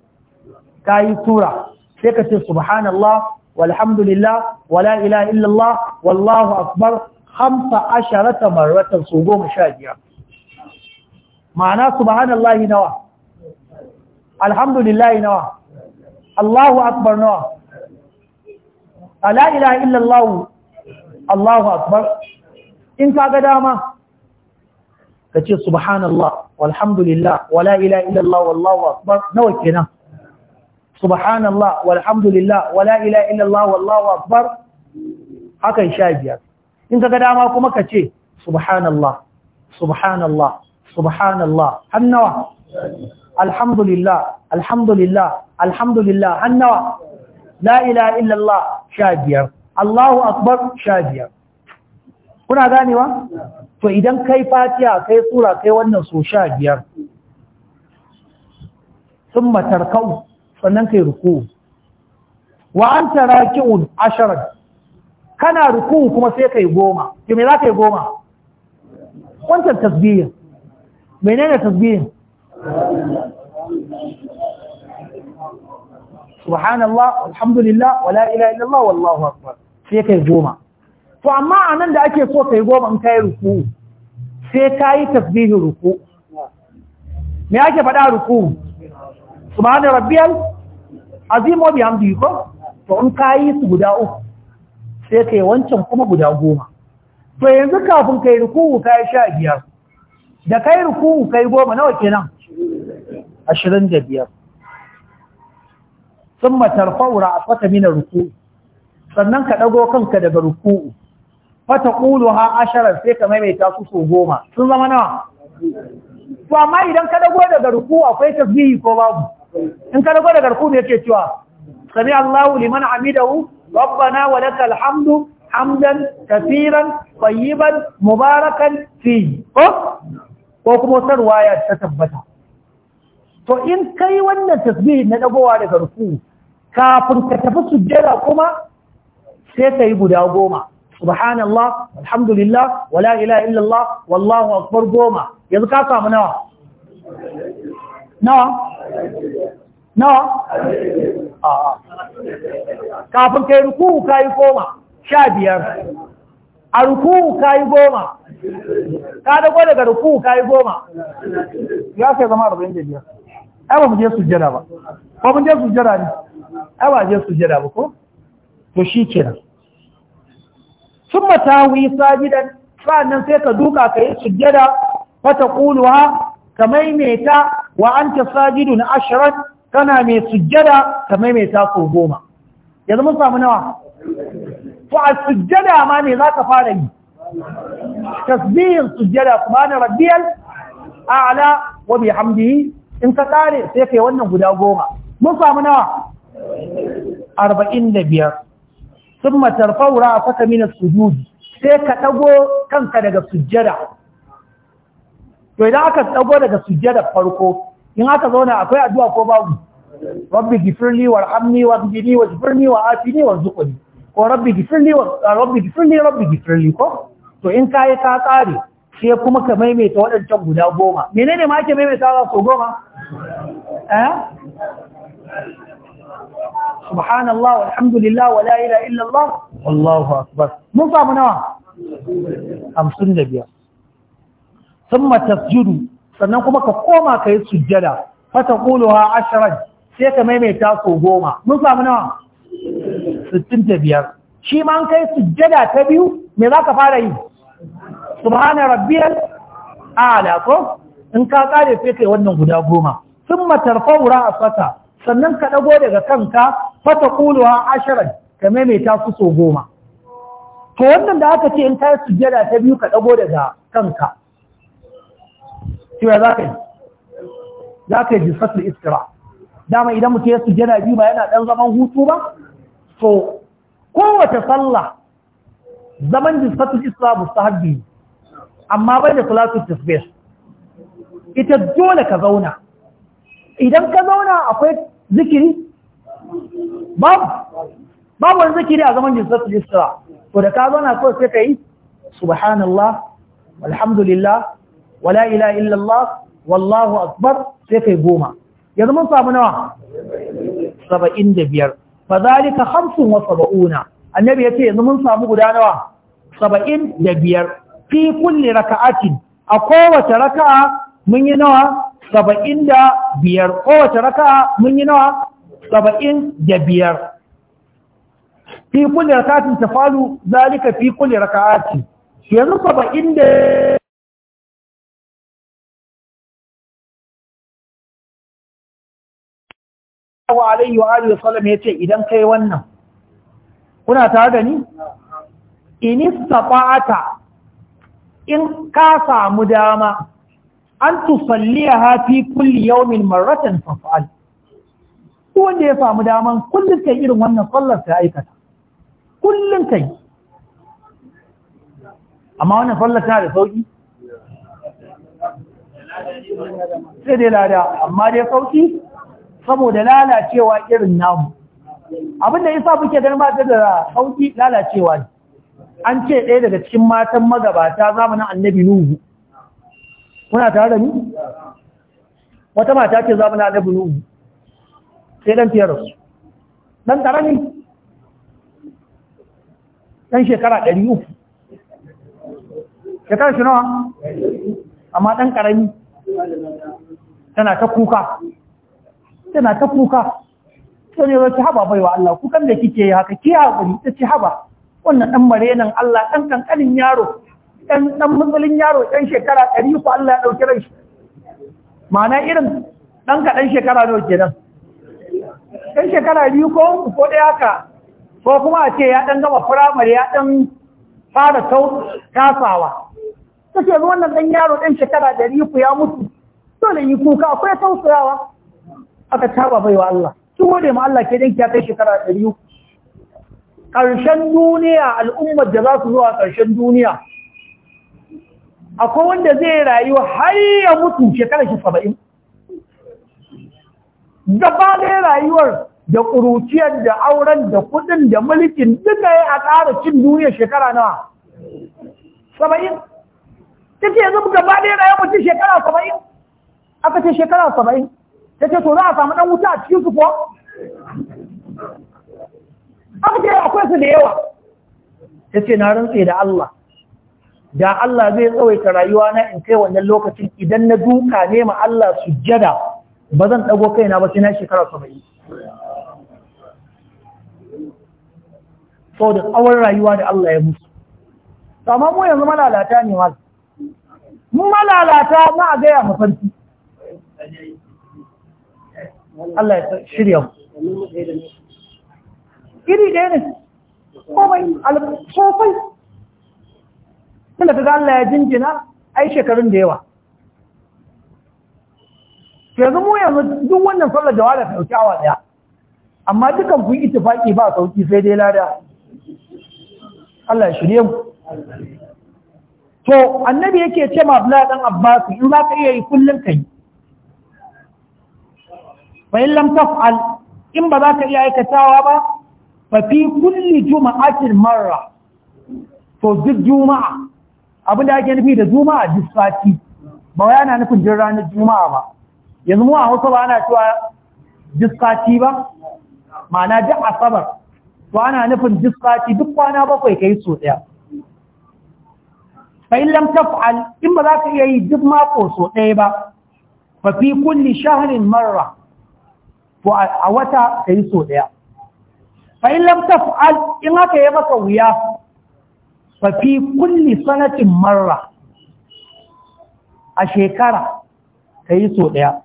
كاي سوره سيك سبحان الله والحمد لله ولا اله الا الله والله اكبر 15 مره سوغو مشاجيا معنى سبحان الله نوا الحمد لله نوا الله اكبر نوا لا اله الا الله الله اكبر in ka ga dama ka ce subhanallah walhamdulillah wala ila illallah wallahu akbar nawa kenan subhanallah walhamdulillah wala ila ila illallah wallahu akbar hakan sha biyar in ka ga dama kuma ka ce subhanallah subhanallah subhanallah hannawa alhamdulillah alhamdulillah alhamdulillah hannawa la ila illallah sha biyar Allahu akbar sha biyar kuna ganewa to idan kai Fatiya kai sura kai wannan so sha biyar sun matarkau sannan kai ruku wa an tara ki'un ashirar kana ruku kuma sai kai goma ki me za ka yi goma wancan tasbihin menene tasbihin subhanallah alhamdulillah wala ilaha illallah wallahu akbar sai kai goma to amma a nan da ake so ka yi goma in ka yi ruku sai ka yi tasbihin ruku me ake faɗa ruku subhanahu rabbiyal azim wa bihamdihi ko to in ka yi su guda uku sai ka yi wancan kuma guda goma to yanzu kafin ka yi ruku ka yi sha biyar da ka yi ruku ka yi goma nawa kenan ashirin da biyar sun matar faura a fata mina ruku sannan ka ɗago kanka daga ruku'u fata ha asharar sai ka maimaita su so goma sun zama nawa to amma idan ka dago daga ruku akwai tasbihi ko babu in ka dago daga ruku me yake cewa sami Allahu liman hamidahu rabbana wa lakal hamdu hamdan kaseeran tayyiban mubarakan fi ko ko kuma sarwa ya ta tabbata to in kai wannan tasbihi na dagowa daga ruku kafin ka tafi sujjada kuma sai ka yi guda goma subhanallah alhamdulillah wala ilaha illallah wallahu a kafin kai ya kai zama arba'in da biyar ba mu je sujjada ba ko mun je ba ko to shi kenan sun matawi sajidan nan sai ka duka ka yi sujjada fata ƙuluwa ka maimaita wa an ta sajidun ashirin kana mai sujjada ka maimaita sau goma yanzu mun samu nawa to a sujjada ma ne zaka fara yi tasbihin sujjada kuma na rabbiyal a'la wa bihamdihi in ka kare sai kai wannan guda goma mun samu nawa arba'in da biyar sun matar faura a faka mina sujudi sai ka ɗago kanka daga sujjada to idan aka ɗago daga sujjada farko in aka zauna akwai addu'a ko babu rabbi gifirli warhamni wahdini wajbirni wa'afini warzuqni ko rabbi gifirli wa ah, rabbi gifirli rabbi gifirli ko to in kai ka tsare, sai kuma ka maimaita waɗancan guda goma menene ma ake maimaita za su goma eh subhanallah walhamdulillah wala ilaha illallah wallahu akbar mun samu nawa 55 thumma tasjudu sannan kuma ka koma kai sujjada fataquluha ashran sai ka maimaita so goma mun samu nawa 65 shi ma an kai sujjada ta biyu me za ka fara yi subhana rabbiyal a'la ko in ka kare sai kai wannan guda goma sun matarfa wura a sannan ka ɗago daga kanka fata ƙuluwa ashirin ka maimaita su so goma to wannan da aka ce in ka yi sujjada ta biyu ka ɗago daga kanka cewa za ka yi za ka yi jisatul iskira. dama idan mutum ya sujjada biyu ba yana ɗan zaman hutu ba to kowace sallah zaman jisatul istira mustahabbi amma bai da salatu tasbih ita dole ka zauna idan ka zauna akwai zikiri babu babu wani zikiri a zaman jinsatul isra to da ka zauna kawai sai ka yi subhanallah walhamdulillah wala ilaha illallah wallahu akbar sai kai goma yanzu mun samu nawa Saba'in da 75 fa zalika 75 annabi ya ce yanzu mun samu guda nawa Saba'in da biyar. fi kulli raka'atin a kowace raka'a mun yi nawa saba'in da biyar kowace raka mun yi nawa saba'in da biyar fi kulle rakatin tafalu zalika fi kulle ce. yanzu saba'in da wa alaihi wa alihi wasallam ya ce idan kai wannan kuna tare da ni in istata in ka samu dama an tusalliha hafi kulli yawmin maratan fafal duk wanda ya samu daman kullum kai irin wannan sallar ta aikata kullum kai amma wannan sallar tana da sauki sai dai lada amma dai sauki saboda lalacewa irin namu abinda sa muke ganin mata da sauki lalacewa ne an ce ɗaya daga cikin matan magabata zamanin annabi nuhu kuna tare da ni wata mata ce za mu na da bulu sai dan tiyar su dan karami dan shekara 300 shekara shi nawa amma dan karami tana ta kuka tana ta kuka to ne ci haba baiwa Allah kukan da kike yi haka ki hakuri ta ci haba wannan dan nan Allah dan kankanin yaro ɗan ɗan yaro ɗan shekara ɗari ku Allah ya ɗauki rai ma'ana irin ɗan ka ɗan shekara nawa nan? ɗan shekara biyu ko ko ɗaya ka ko kuma a ce ya ɗan gama firamare ya ɗan fara tasawa ta ce wannan ɗan yaro ɗan shekara ɗari ku ya mutu dole yi kuka akwai tausayawa aka bai baiwa Allah kin gode ma Allah ke ɗan ki kai shekara ku. Ƙarshen duniya al'ummar da za su zuwa ƙarshen duniya akwai wanda zai rayu har ya mutu shekara shi saba'in gaba ɗaya rayuwar da ƙuruciyar da auren da kuɗin da mulkin duka ya a ƙara cin duniya shekara nawa saba'in ta ce yanzu gaba ɗaya rayuwar mutum shekara saba'in aka ce shekara saba'in ta ce to za a samu ɗan wuta a cikin su ko aka ce akwai su da yawa ta ce na rantse da Allah da Allah zai tsawaita rayuwa na in kai wannan lokacin idan na duka ne ma Allah sujjada ba zan dago kaina ba sai na shekara 70 saboda tsawon rayuwa da Allah ya musu amma mu yanzu malalata ne ma mun malalata ma a gaya mafarki Allah ya shirya iri ɗaya ne komai alfofai wanda ta zalla ya jinjina ai shekarun da yawa Ke yanzu mu yanzu duk wannan sallar da wala sauki awa daya amma dukan ku itifaki ba sauki sai dai lada Allah ya shirye mu to annabi yake ce ma Abdullah dan Abbas in za ka iya yi kullun kai fa in lam taf'al in ba za ka iya aikatawa ba fa fi kulli juma'atin marra to duk juma'a abin da ake nufi da juma'a duk sati ba wa yana nufin jin ranar juma'a ba yanzu mu a hausa ba ana cewa duk ba ma'ana duk asabar to ana nufin duk sati duk kwana bakwai kai so ɗaya. fa in lam taf'al in ba za ka iya yi duk mako so daya ba fa fi kulli shahrin marra to a wata kai so ɗaya. fa in lam taf'al in haka yi maka wuya Fafi kulli sanatin marra a shekara ka yi so daya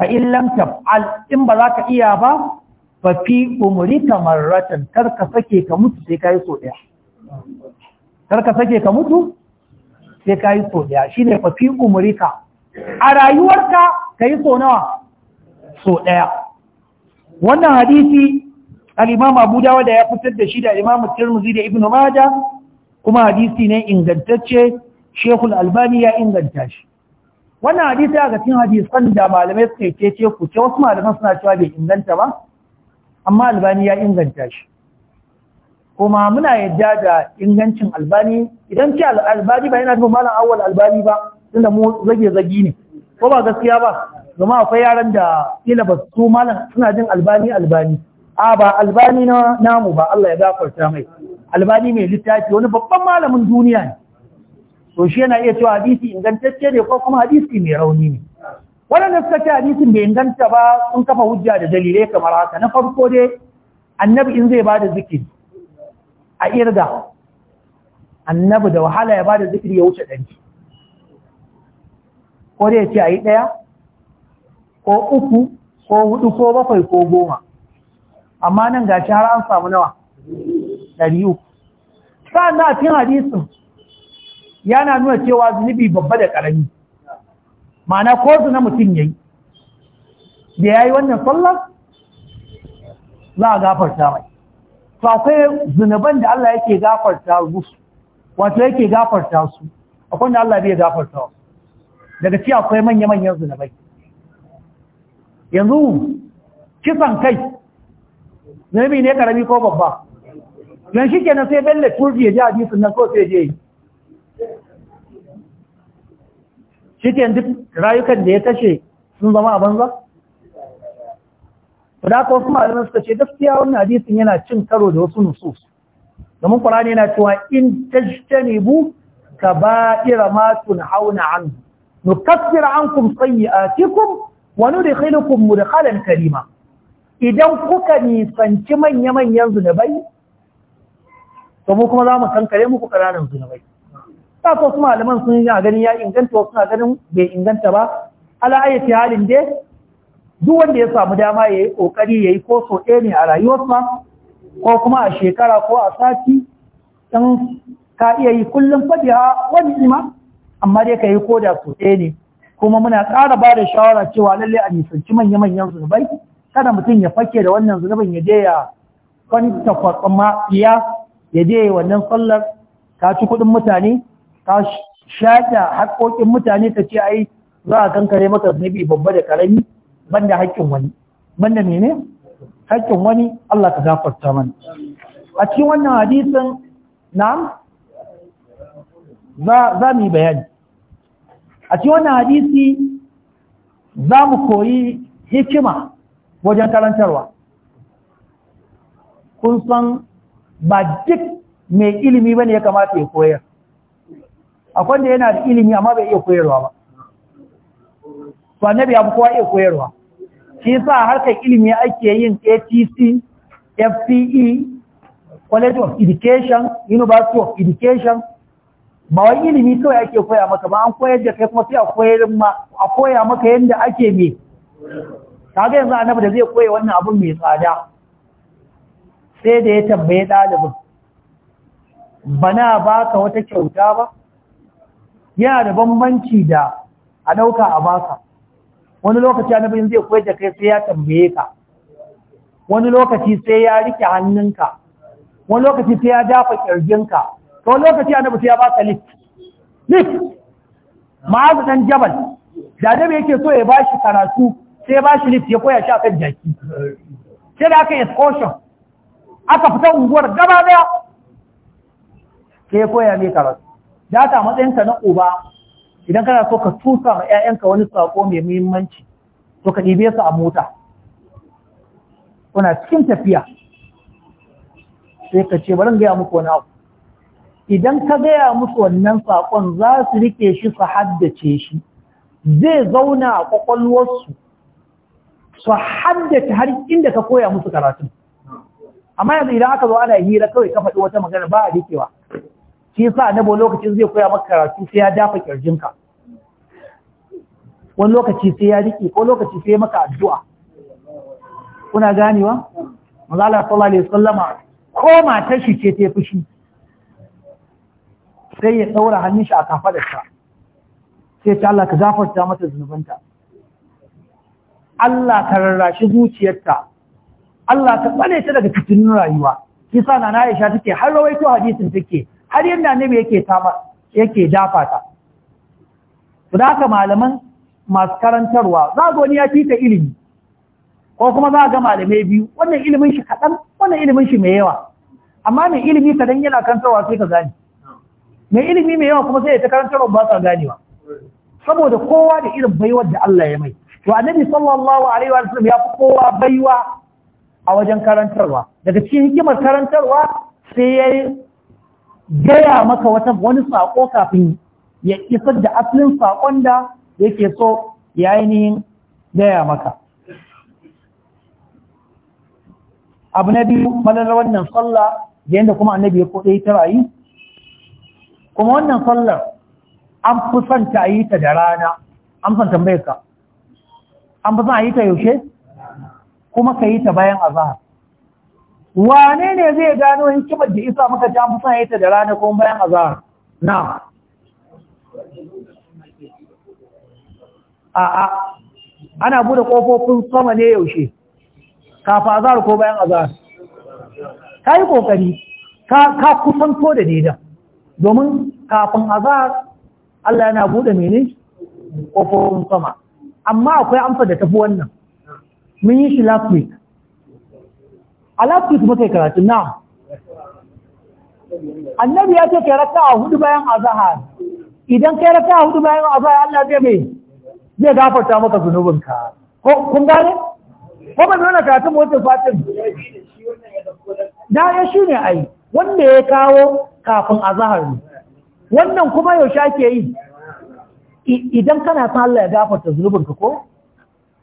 a in lam taf'al in ba za ka iya ba fafi umuri umrika marratan kar ka sake ka mutu sai ka yi so daya karka sake ka mutu sai ka yi so daya shine fafi umuri ka a rayuwarka ka yi so nawa so daya wannan hadisi al-imam Abu da ya fitar da shi da Imam Tirmidhi da Ibn Majah kuma hadisi ne ingantacce shekul albani ya inganta shi wannan hadisi a cikin hadisan da malamai suka ce ce ku ce wasu malaman suna cewa bai inganta ba amma albani ya inganta shi kuma muna yadda da ingancin albani idan ce albani ba yana da malam awwal albani ba tunda mu zage zagi ne ko ba gaskiya ba kuma akwai yaran da kila ba su malam suna jin albani albani a ba albani na namu ba Allah ya gafarta mai albani mai littafi wani babban malamin duniya ne to shi yana iya cewa hadisi ingantacce ne ko kuma hadisi mai rauni ne waɗanda suka ce hadisin bai inganta ba sun kafa hujja da dalilai kamar haka na farko dai annabi in zai bada zikiri a irga annabi da wahala ya bada zikiri ya wuce ɗari ko dai ce a yi ɗaya ko uku ko hudu ko bakwai ko goma amma nan gashi har an samu nawa ɗari uku sa'an na hadisun hadisin yana nuna cewa zunubi babba da ƙarami ma'ana ko na mutum ya yi da ya yi wannan sallar za a gafarta mai to akwai zunuban da Allah yake gafarta su, wato yake gafarta su akwai da Allah bai gafarta su daga ci akwai manya-manyan zunubai yanzu kisan kai zunubi ne ƙarami ko babba Yan shi kenan sai bello turbi ya ji hadisun nan ko sai je yi shi ke duk rayukan da ya kashe sun zama a banza? da kuma wasu malamin suka ce gaskiya wannan hadisin yana cin karo da wasu nusus domin ƙwararri yana cewa in tajtanibu ka ba ira na hauna an kafira an kum sanyi a cikin wani da khilukun mu da halin karima idan kuka nisanci manya-manyan zunubai to mu kuma za mu kankare muku kananan zunubai ta so su malaman sun yi a ganin ya inganta wasu na ganin bai inganta ba ala ayyati halin dai duk wanda ya samu dama ya yi kokari ya yi ko so ɗaya ne a rayuwarsa ko kuma a shekara ko a sati don ka iya yi kullum fadiha wani ima amma dai ka yi ko da so ɗaya ne kuma muna ƙara ba da shawara cewa lallai a nisanci manya-manyan zunubai kada mutum ya fake da wannan zunubin ya je ya kwanta kwatsama iya ya je wannan sallar ka ci kuɗin mutane ka shata haƙoƙin mutane ka ce ai za a kankare maka zunubi babba da karami banda haƙƙin wani banda mene haƙƙin wani Allah ka gafarta mana a cikin wannan hadisin na'am za mu yi bayani a cikin wannan hadisi za mu koyi hikima wajen karantarwa kun san ba duk mai ilimi bane ya kamata ya koyar akwai da yana da ilimi amma bai iya koyarwa ba to annabi ya kowa iya koyarwa shi yasa harkar ilimi ake yin ATC FPE College of Education University of Education ba wai ilimi kawai ake koya maka ba an koyar da kai kuma sai a koyar ma a koya maka yadda ake me kaga yanzu annabi da zai koya wannan abun mai tsada sai da ya tambaye ɗalibin bana baka wata kyauta ba yana da bambanci da a ɗauka a baka wani lokaci nufin zai koyar da kai sai ya tambaye ka wani lokaci sai ya rike hannunka wani lokaci sai ya dafa ƙirginka to wani lokaci nufin sai ya baka lift lift ma'azu dan jabal da annabi yake so ya bashi karatu sai ya bashi lift ya koya shi kan jaki sai da aka yi excursion aka fita unguwar gaba daya ke koya mai karatu da ta matsayinka na uba idan kana so ka tusa ma 'ya'yanka wani sako mai muhimmanci to ka ɗibe su a mota kuna cikin tafiya sai ka ce bari gaya muku wani abu idan ka gaya musu wannan saƙon za su rike shi su haddace shi zai zauna a kwakwalwarsu su haddace har inda ka koya musu karatun amma yanzu idan aka zo ana hira kawai ka faɗi wata magana ba a rikewa shi yasa annabi lokacin zai koya maka karatu sai ya dafa kirjinka wani lokaci sai ya rike ko lokaci sai maka addu'a kuna ganewa mazala sallallahu alaihi wasallama ko matar shi ce ta fushi sai ya daura hannun shi a ta sai ta Allah ka gafarta mata zunubanta Allah ka rarrashi zuciyarta Allah ka tsane ta daga fitinin rayuwa kisa na Aisha take har rawaito hadisin take har yanda annabi yake tama yake dafa ta to da haka malaman masu karantarwa za ga wani ya fita ilimi ko kuma za ga malamai biyu wannan ilimin shi kaɗan wannan ilimin shi mai yawa amma mai ilimi kaɗan yana karantarwa sai ka gane mai ilimi mai yawa kuma sai ya ta karantarwa ba sa ganewa saboda kowa da irin baiwar da Allah ya mai to annabi sallallahu alaihi wa sallam ya fi kowa baiwa a wajen karantarwa daga cikin hikimar karantarwa sai ya gaya maka wata wani saƙo kafin ya isar da asalin saƙon da yake so ya ainihin gaya maka abu na biyu malalar wannan sallah da yadda kuma annabi ya kodai ta rayu kuma wannan sallar an fi son ta yi ta da rana an tambayar ka an fi son a yi ta yaushe kuma ka yi ta bayan azahar wane ne zai gano hikimar da isa maka ta fi son ta da rana kuma bayan azahar na a'a ana bude kofofin sama ne yaushe kafa azahar ko bayan azahar ka yi kokari ka kusanto da daidan domin kafin azahar Allah yana bude mene kofofin sama amma akwai amsa da tafi wannan mun yi shi last week a last week muka yi karatu na annabi ya ce kai raka a hudu bayan azahar idan kai raka a hudu bayan azahar Allah zai mai zai gafarta maka zunubinka ko kun gane ko ba nuna karatun motar fatin da ya shi ne ai wanda ya kawo kafin azahar ne wannan kuma yaushe ake yi idan kana san Allah ya gafarta zunubinka ko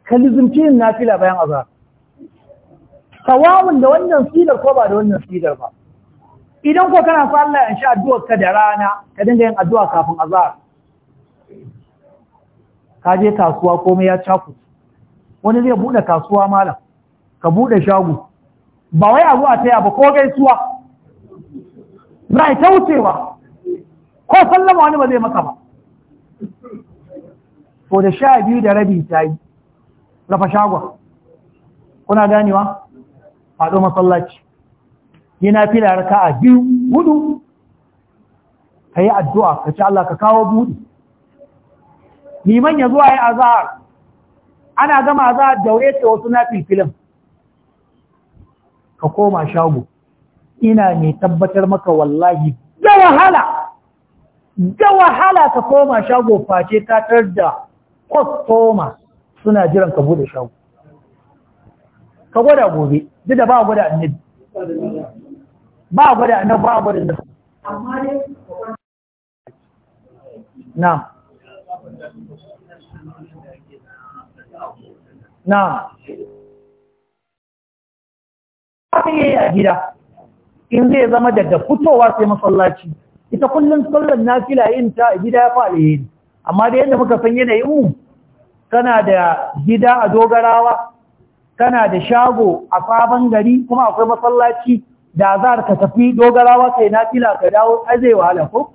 ka lizumci yin nafila bayan azhar sawawun da wannan filar ko ba da wannan filar ba idan ko kana fa Allah ya sha addu'a ka da rana ka dinga yin addu'a kafin azhar ka je kasuwa komai ya caku wani zai bude kasuwa malam ka buɗe shago ba wai abu a taya ba ko gaisuwa rai ta wucewa ko sallama wani ba zai maka ba to da sha biyu da rabi ta yi Rafa shagon kuna ganewa faɗo masallaci yana fi raka a biyu hudu ka yi addu'a ka ci Allah ka kawo buɗi liman ya zuwa ya azahar ana gama azahar daure ce wasu na filfilin ka koma shago ina ne tabbatar maka wallahi da wahala da wahala ka koma shago face ta tar da kwastoma suna jiran ka bude shago ka gwada gobe duk da ba a gwada annabi ba a gwada annabi ba a gwada annabi na na haka yi a gida in zai zama daga fitowa sai masallaci ita kullum sallar nafila yin ta a gida ya fa yi, amma da yadda muka san yanayin mu kana da gida a dogarawa kana da shago a sabon gari kuma akwai masallaci da za ka tafi dogarawa kai na fila ka dawo ai zai wahala ko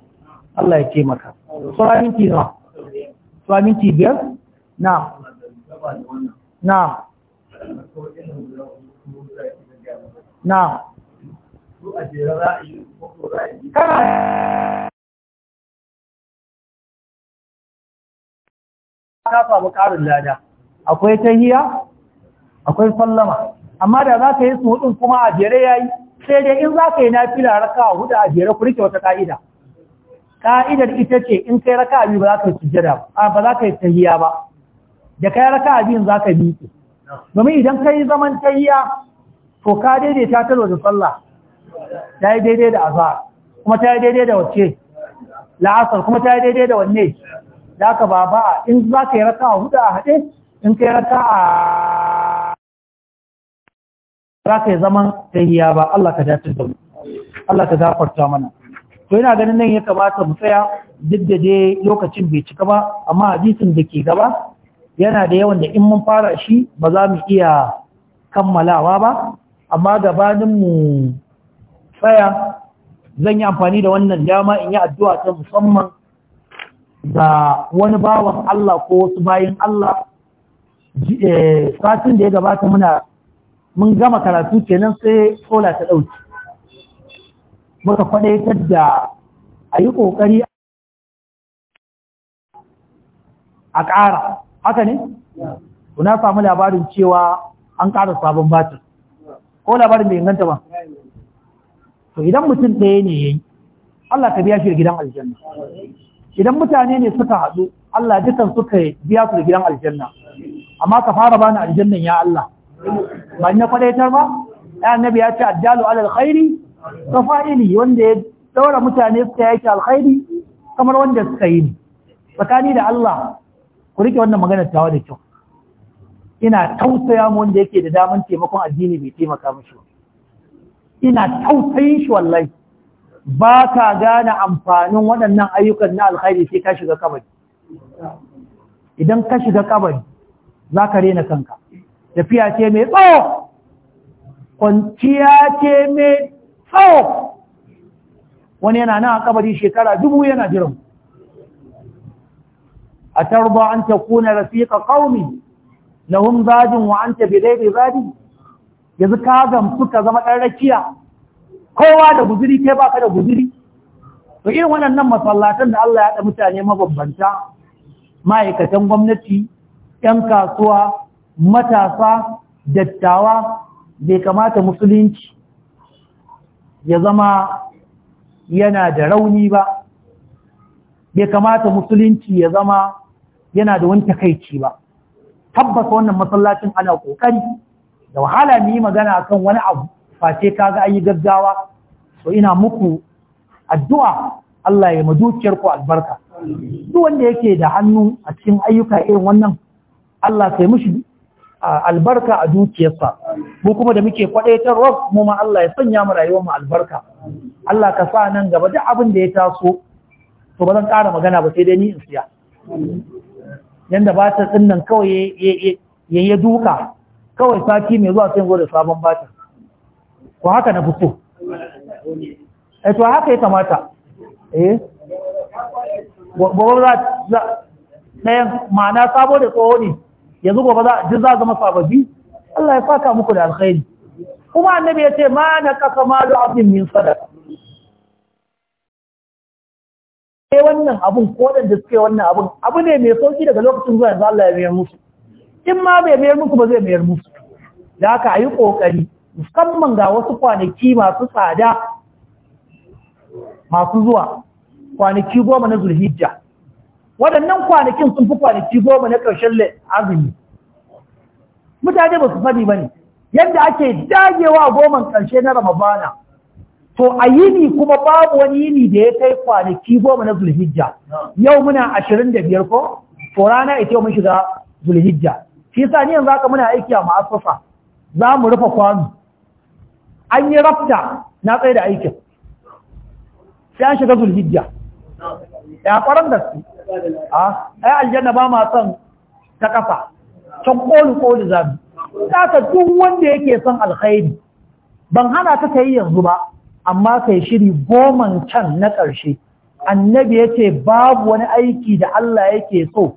Allah ya ce maka sura minti na sura biyar na na na kana ka samu ƙarin lada akwai tahiya akwai sallama amma da za ka yi su hudun kuma a jere ya yi sai dai in za ka yi nafila raka a hudu a jere ku rike wata ka'ida ka'idar ita ce in kai raka abi ba za ka yi sujjada ba za ka yi tahiya ba da kai raka biyun za ka yi. ku domin idan ka yi zaman tahiya to ka daidaita ta da sallah ta yi daidai da azhar kuma ta yi daidai da wacce la'asar kuma ta yi daidai da wanne da aka ba ba in za ka yi raka a hudu a haɗe in ka yi raka a za ka yi zaman tahiya ba Allah ka dace da mu Allah ka zafarta mana to yana ganin nan ya kamata mu tsaya duk da dai lokacin bai cika ba amma hadisin da ke gaba yana da yawan da in mun fara shi ba za mu iya kammalawa ba amma gabanin mu tsaya zan yi amfani da wannan dama in yi addu'a ta musamman Da wani bawan Allah ko wasu bayan Allah eh, satin da ya gabata muna mun gama karatu kenan sai kola ta ɗauki muka faɗaitar da a yi ƙoƙari a ƙara haka ne? kuna samu labarin cewa an ƙara sabon batir ko labarin bai inganta ba to idan mutum ɗaya ne ya yi Allah ka biya shi gidan aljanna idan mutane ne suka haɗu Allah dukan suka biya su gidan aljanna amma ka fara bani aljannan ya Allah ba ni na kwadaitar ba ya annabi ya ce addalu ala khairi ka fa'ili wanda ya daura mutane suka yake alkhairi kamar wanda suka yi tsakani da Allah ku rike wannan magana tawa da kyau ina tausaya mu wanda yake da daman taimakon addini bai taimaka mishi ina tausayin shi wallahi ba ka gane amfanin waɗannan ayyukan na alkhairi sai ka shiga kabari idan ka shiga kabari za ka rena kanka tafiya ce mai tsawo kwanciya ce mai tsawo wani yana nan a kabari shekara dubu yana jiran a tarba an ta kuna rafiƙa ƙaumi lahun zajin wa an ta bidai zadi yanzu ka gamsu ka zama ɗan rakiya kowa da guziri ke baka da guziri to irin waɗannan masallatan da Allah ya haɗa mutane mabambanta ma'aikatan gwamnati 'yan kasuwa matasa dattawa bai kamata musulunci ya zama yana da rauni ba bai kamata musulunci ya zama yana da wani takaici ba tabbas wannan masallacin ana kokari da wahala mu magana akan wani abu face kaga ayi gaggawa so ina muku addu'a Allah ya madukiyar ku albarka duk wanda yake da hannu a cikin ayyuka irin wannan Allah sai mushi albarka a dukiyarsa mu kuma da muke kwadaitar rob mu ma Allah ya sanya mu rayuwar mu albarka Allah ka sa nan gaba duk abin da ya taso to bazan zan ƙara magana ba sai dai ni in siya yanda ba ta tsinnan kawai ya ya duka kawai sati mai zuwa sai zo da sabon batir ko haka na fito eh to haka ya kamata eh gobe za ɗaya ma'ana sabo da tsoho ne yanzu gobe za duk za zama sababi Allah ya fata muku da alkhairi kuma annabi ya ce ma na kasa malu abin min sadaka sai eh, wannan abun ko da suke wannan abun abu ne mai sauki daga lokacin zuwa yanzu Allah ya mayar musu in ma bai mayar musu ba zai mayar musu da haka a yi ƙoƙari musamman ga wasu kwanaki masu tsada masu zuwa kwanaki goma na zulhijja waɗannan kwanakin sun fi kwanaki goma na ƙarshen azumi mutane ba su faɗi ba ne yadda ake dagewa goman ƙarshe na Ramabana to a yini kuma babu wani yini da ya kai kwanaki goma na zulhijja yau muna ashirin da biyar ko to rana ita yau mun shiga zulhijja shi sa ni yanzu haka muna aiki a ma'asasa za mu rufe kwano an yi rafta na tsaye da aikin sai shiga zulhijja ya faran da su a ya aljanna ba ma son ta kafa can koli koli zabi ta duk wanda yake son alkhairi ban hana ta yi yanzu ba amma ka yi shiri goman can na ƙarshe annabi ya ce babu wani aiki da Allah yake so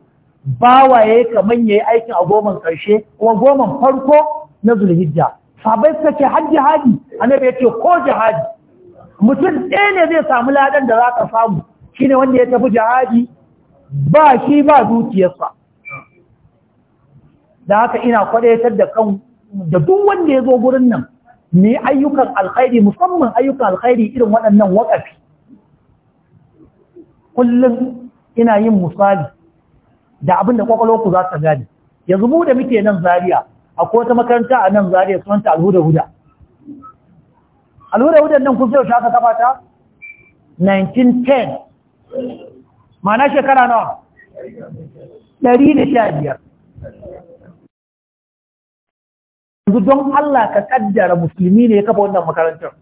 bawa ya yi kamar ya yi aikin a goman ƙarshe kuma goman farko na zulhijja sabai suka ce har jihadi annabi ya ce ko jihadi mutum ɗaya ne zai samu ladan da za ka samu shine wanda ya tafi jihadi ba shi ba dukiyarsa da haka ina kwadaitar da kan da duk wanda ya zo gurin nan ne ayyukan alkhairi musamman ayyukan alkhairi irin waɗannan waƙafi kullum ina yin misali da abin da kwakwalwarku za ta gani. yanzu mu da muke nan zaria akwai wata makaranta a nan zariya sunanta alhuda huda alhuda hudan nan kun yaushe aka kafa ta 1910 mana shekara nawa 115 yanzu don Allah ka kaddara musulmi ne ya kafa wannan makarantar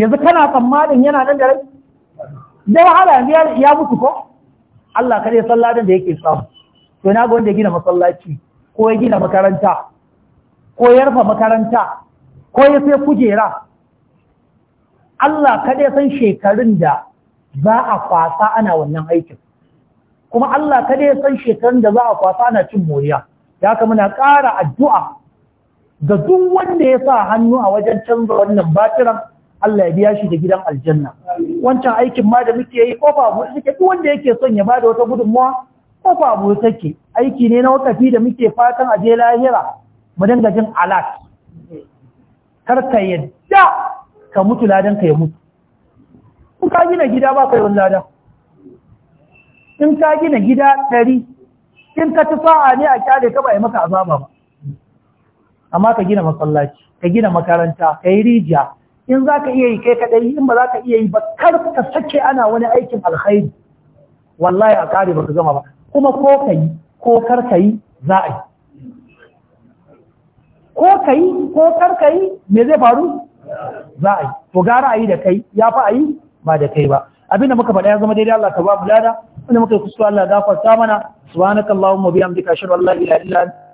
yanzu kana tsammanin yana nan da rai da wahala yanzu ya mutu ko Allah kare sallah da yake samu to na ga wanda gina masallaci ko ya gina makaranta ko ya rufe makaranta ko ya sai kujera Allah kaɗai san shekarun da za a kwasa ana wannan aikin kuma Allah kaɗai san shekarun da za a kwasa ana cin moriya ya kama na ƙara addu'a ga duk wanda ya sa hannu a wajen canza wannan batiran Allah ya biya shi da gidan aljanna wancan aikin ma da muke yi kofa mu suke duk wanda yake son ya bada wata gudunmawa kofa abu take aiki ne na wakafi da muke fatan a je lahira mu dinga jin alat kar ka yadda ka mutu ladan ka ya mutu in ka gina gida ba ka yi lada in ka gina gida ɗari in ka ci sa'a ne a kyale ka ba yi maka azaba ba amma ka gina masallaci ka gina makaranta ka yi rijiya in za ka iya yi kai kaɗai in ba za ka iya yi ba kar ka sake ana wani aikin alkhairi wallahi a kare ba ka gama ba kuma ko ka yi ko kar yi za a yi ko ka yi ko kar yi me zai faru za a yi to gara a yi da kai ya fi a yi ba da kai ba abinda muka faɗa ya zama daidai Allah ka ba mu lada muka yi kuskure Allah gafarta mana subhanakallahumma bihamdika ashhadu an la ilaha illa anta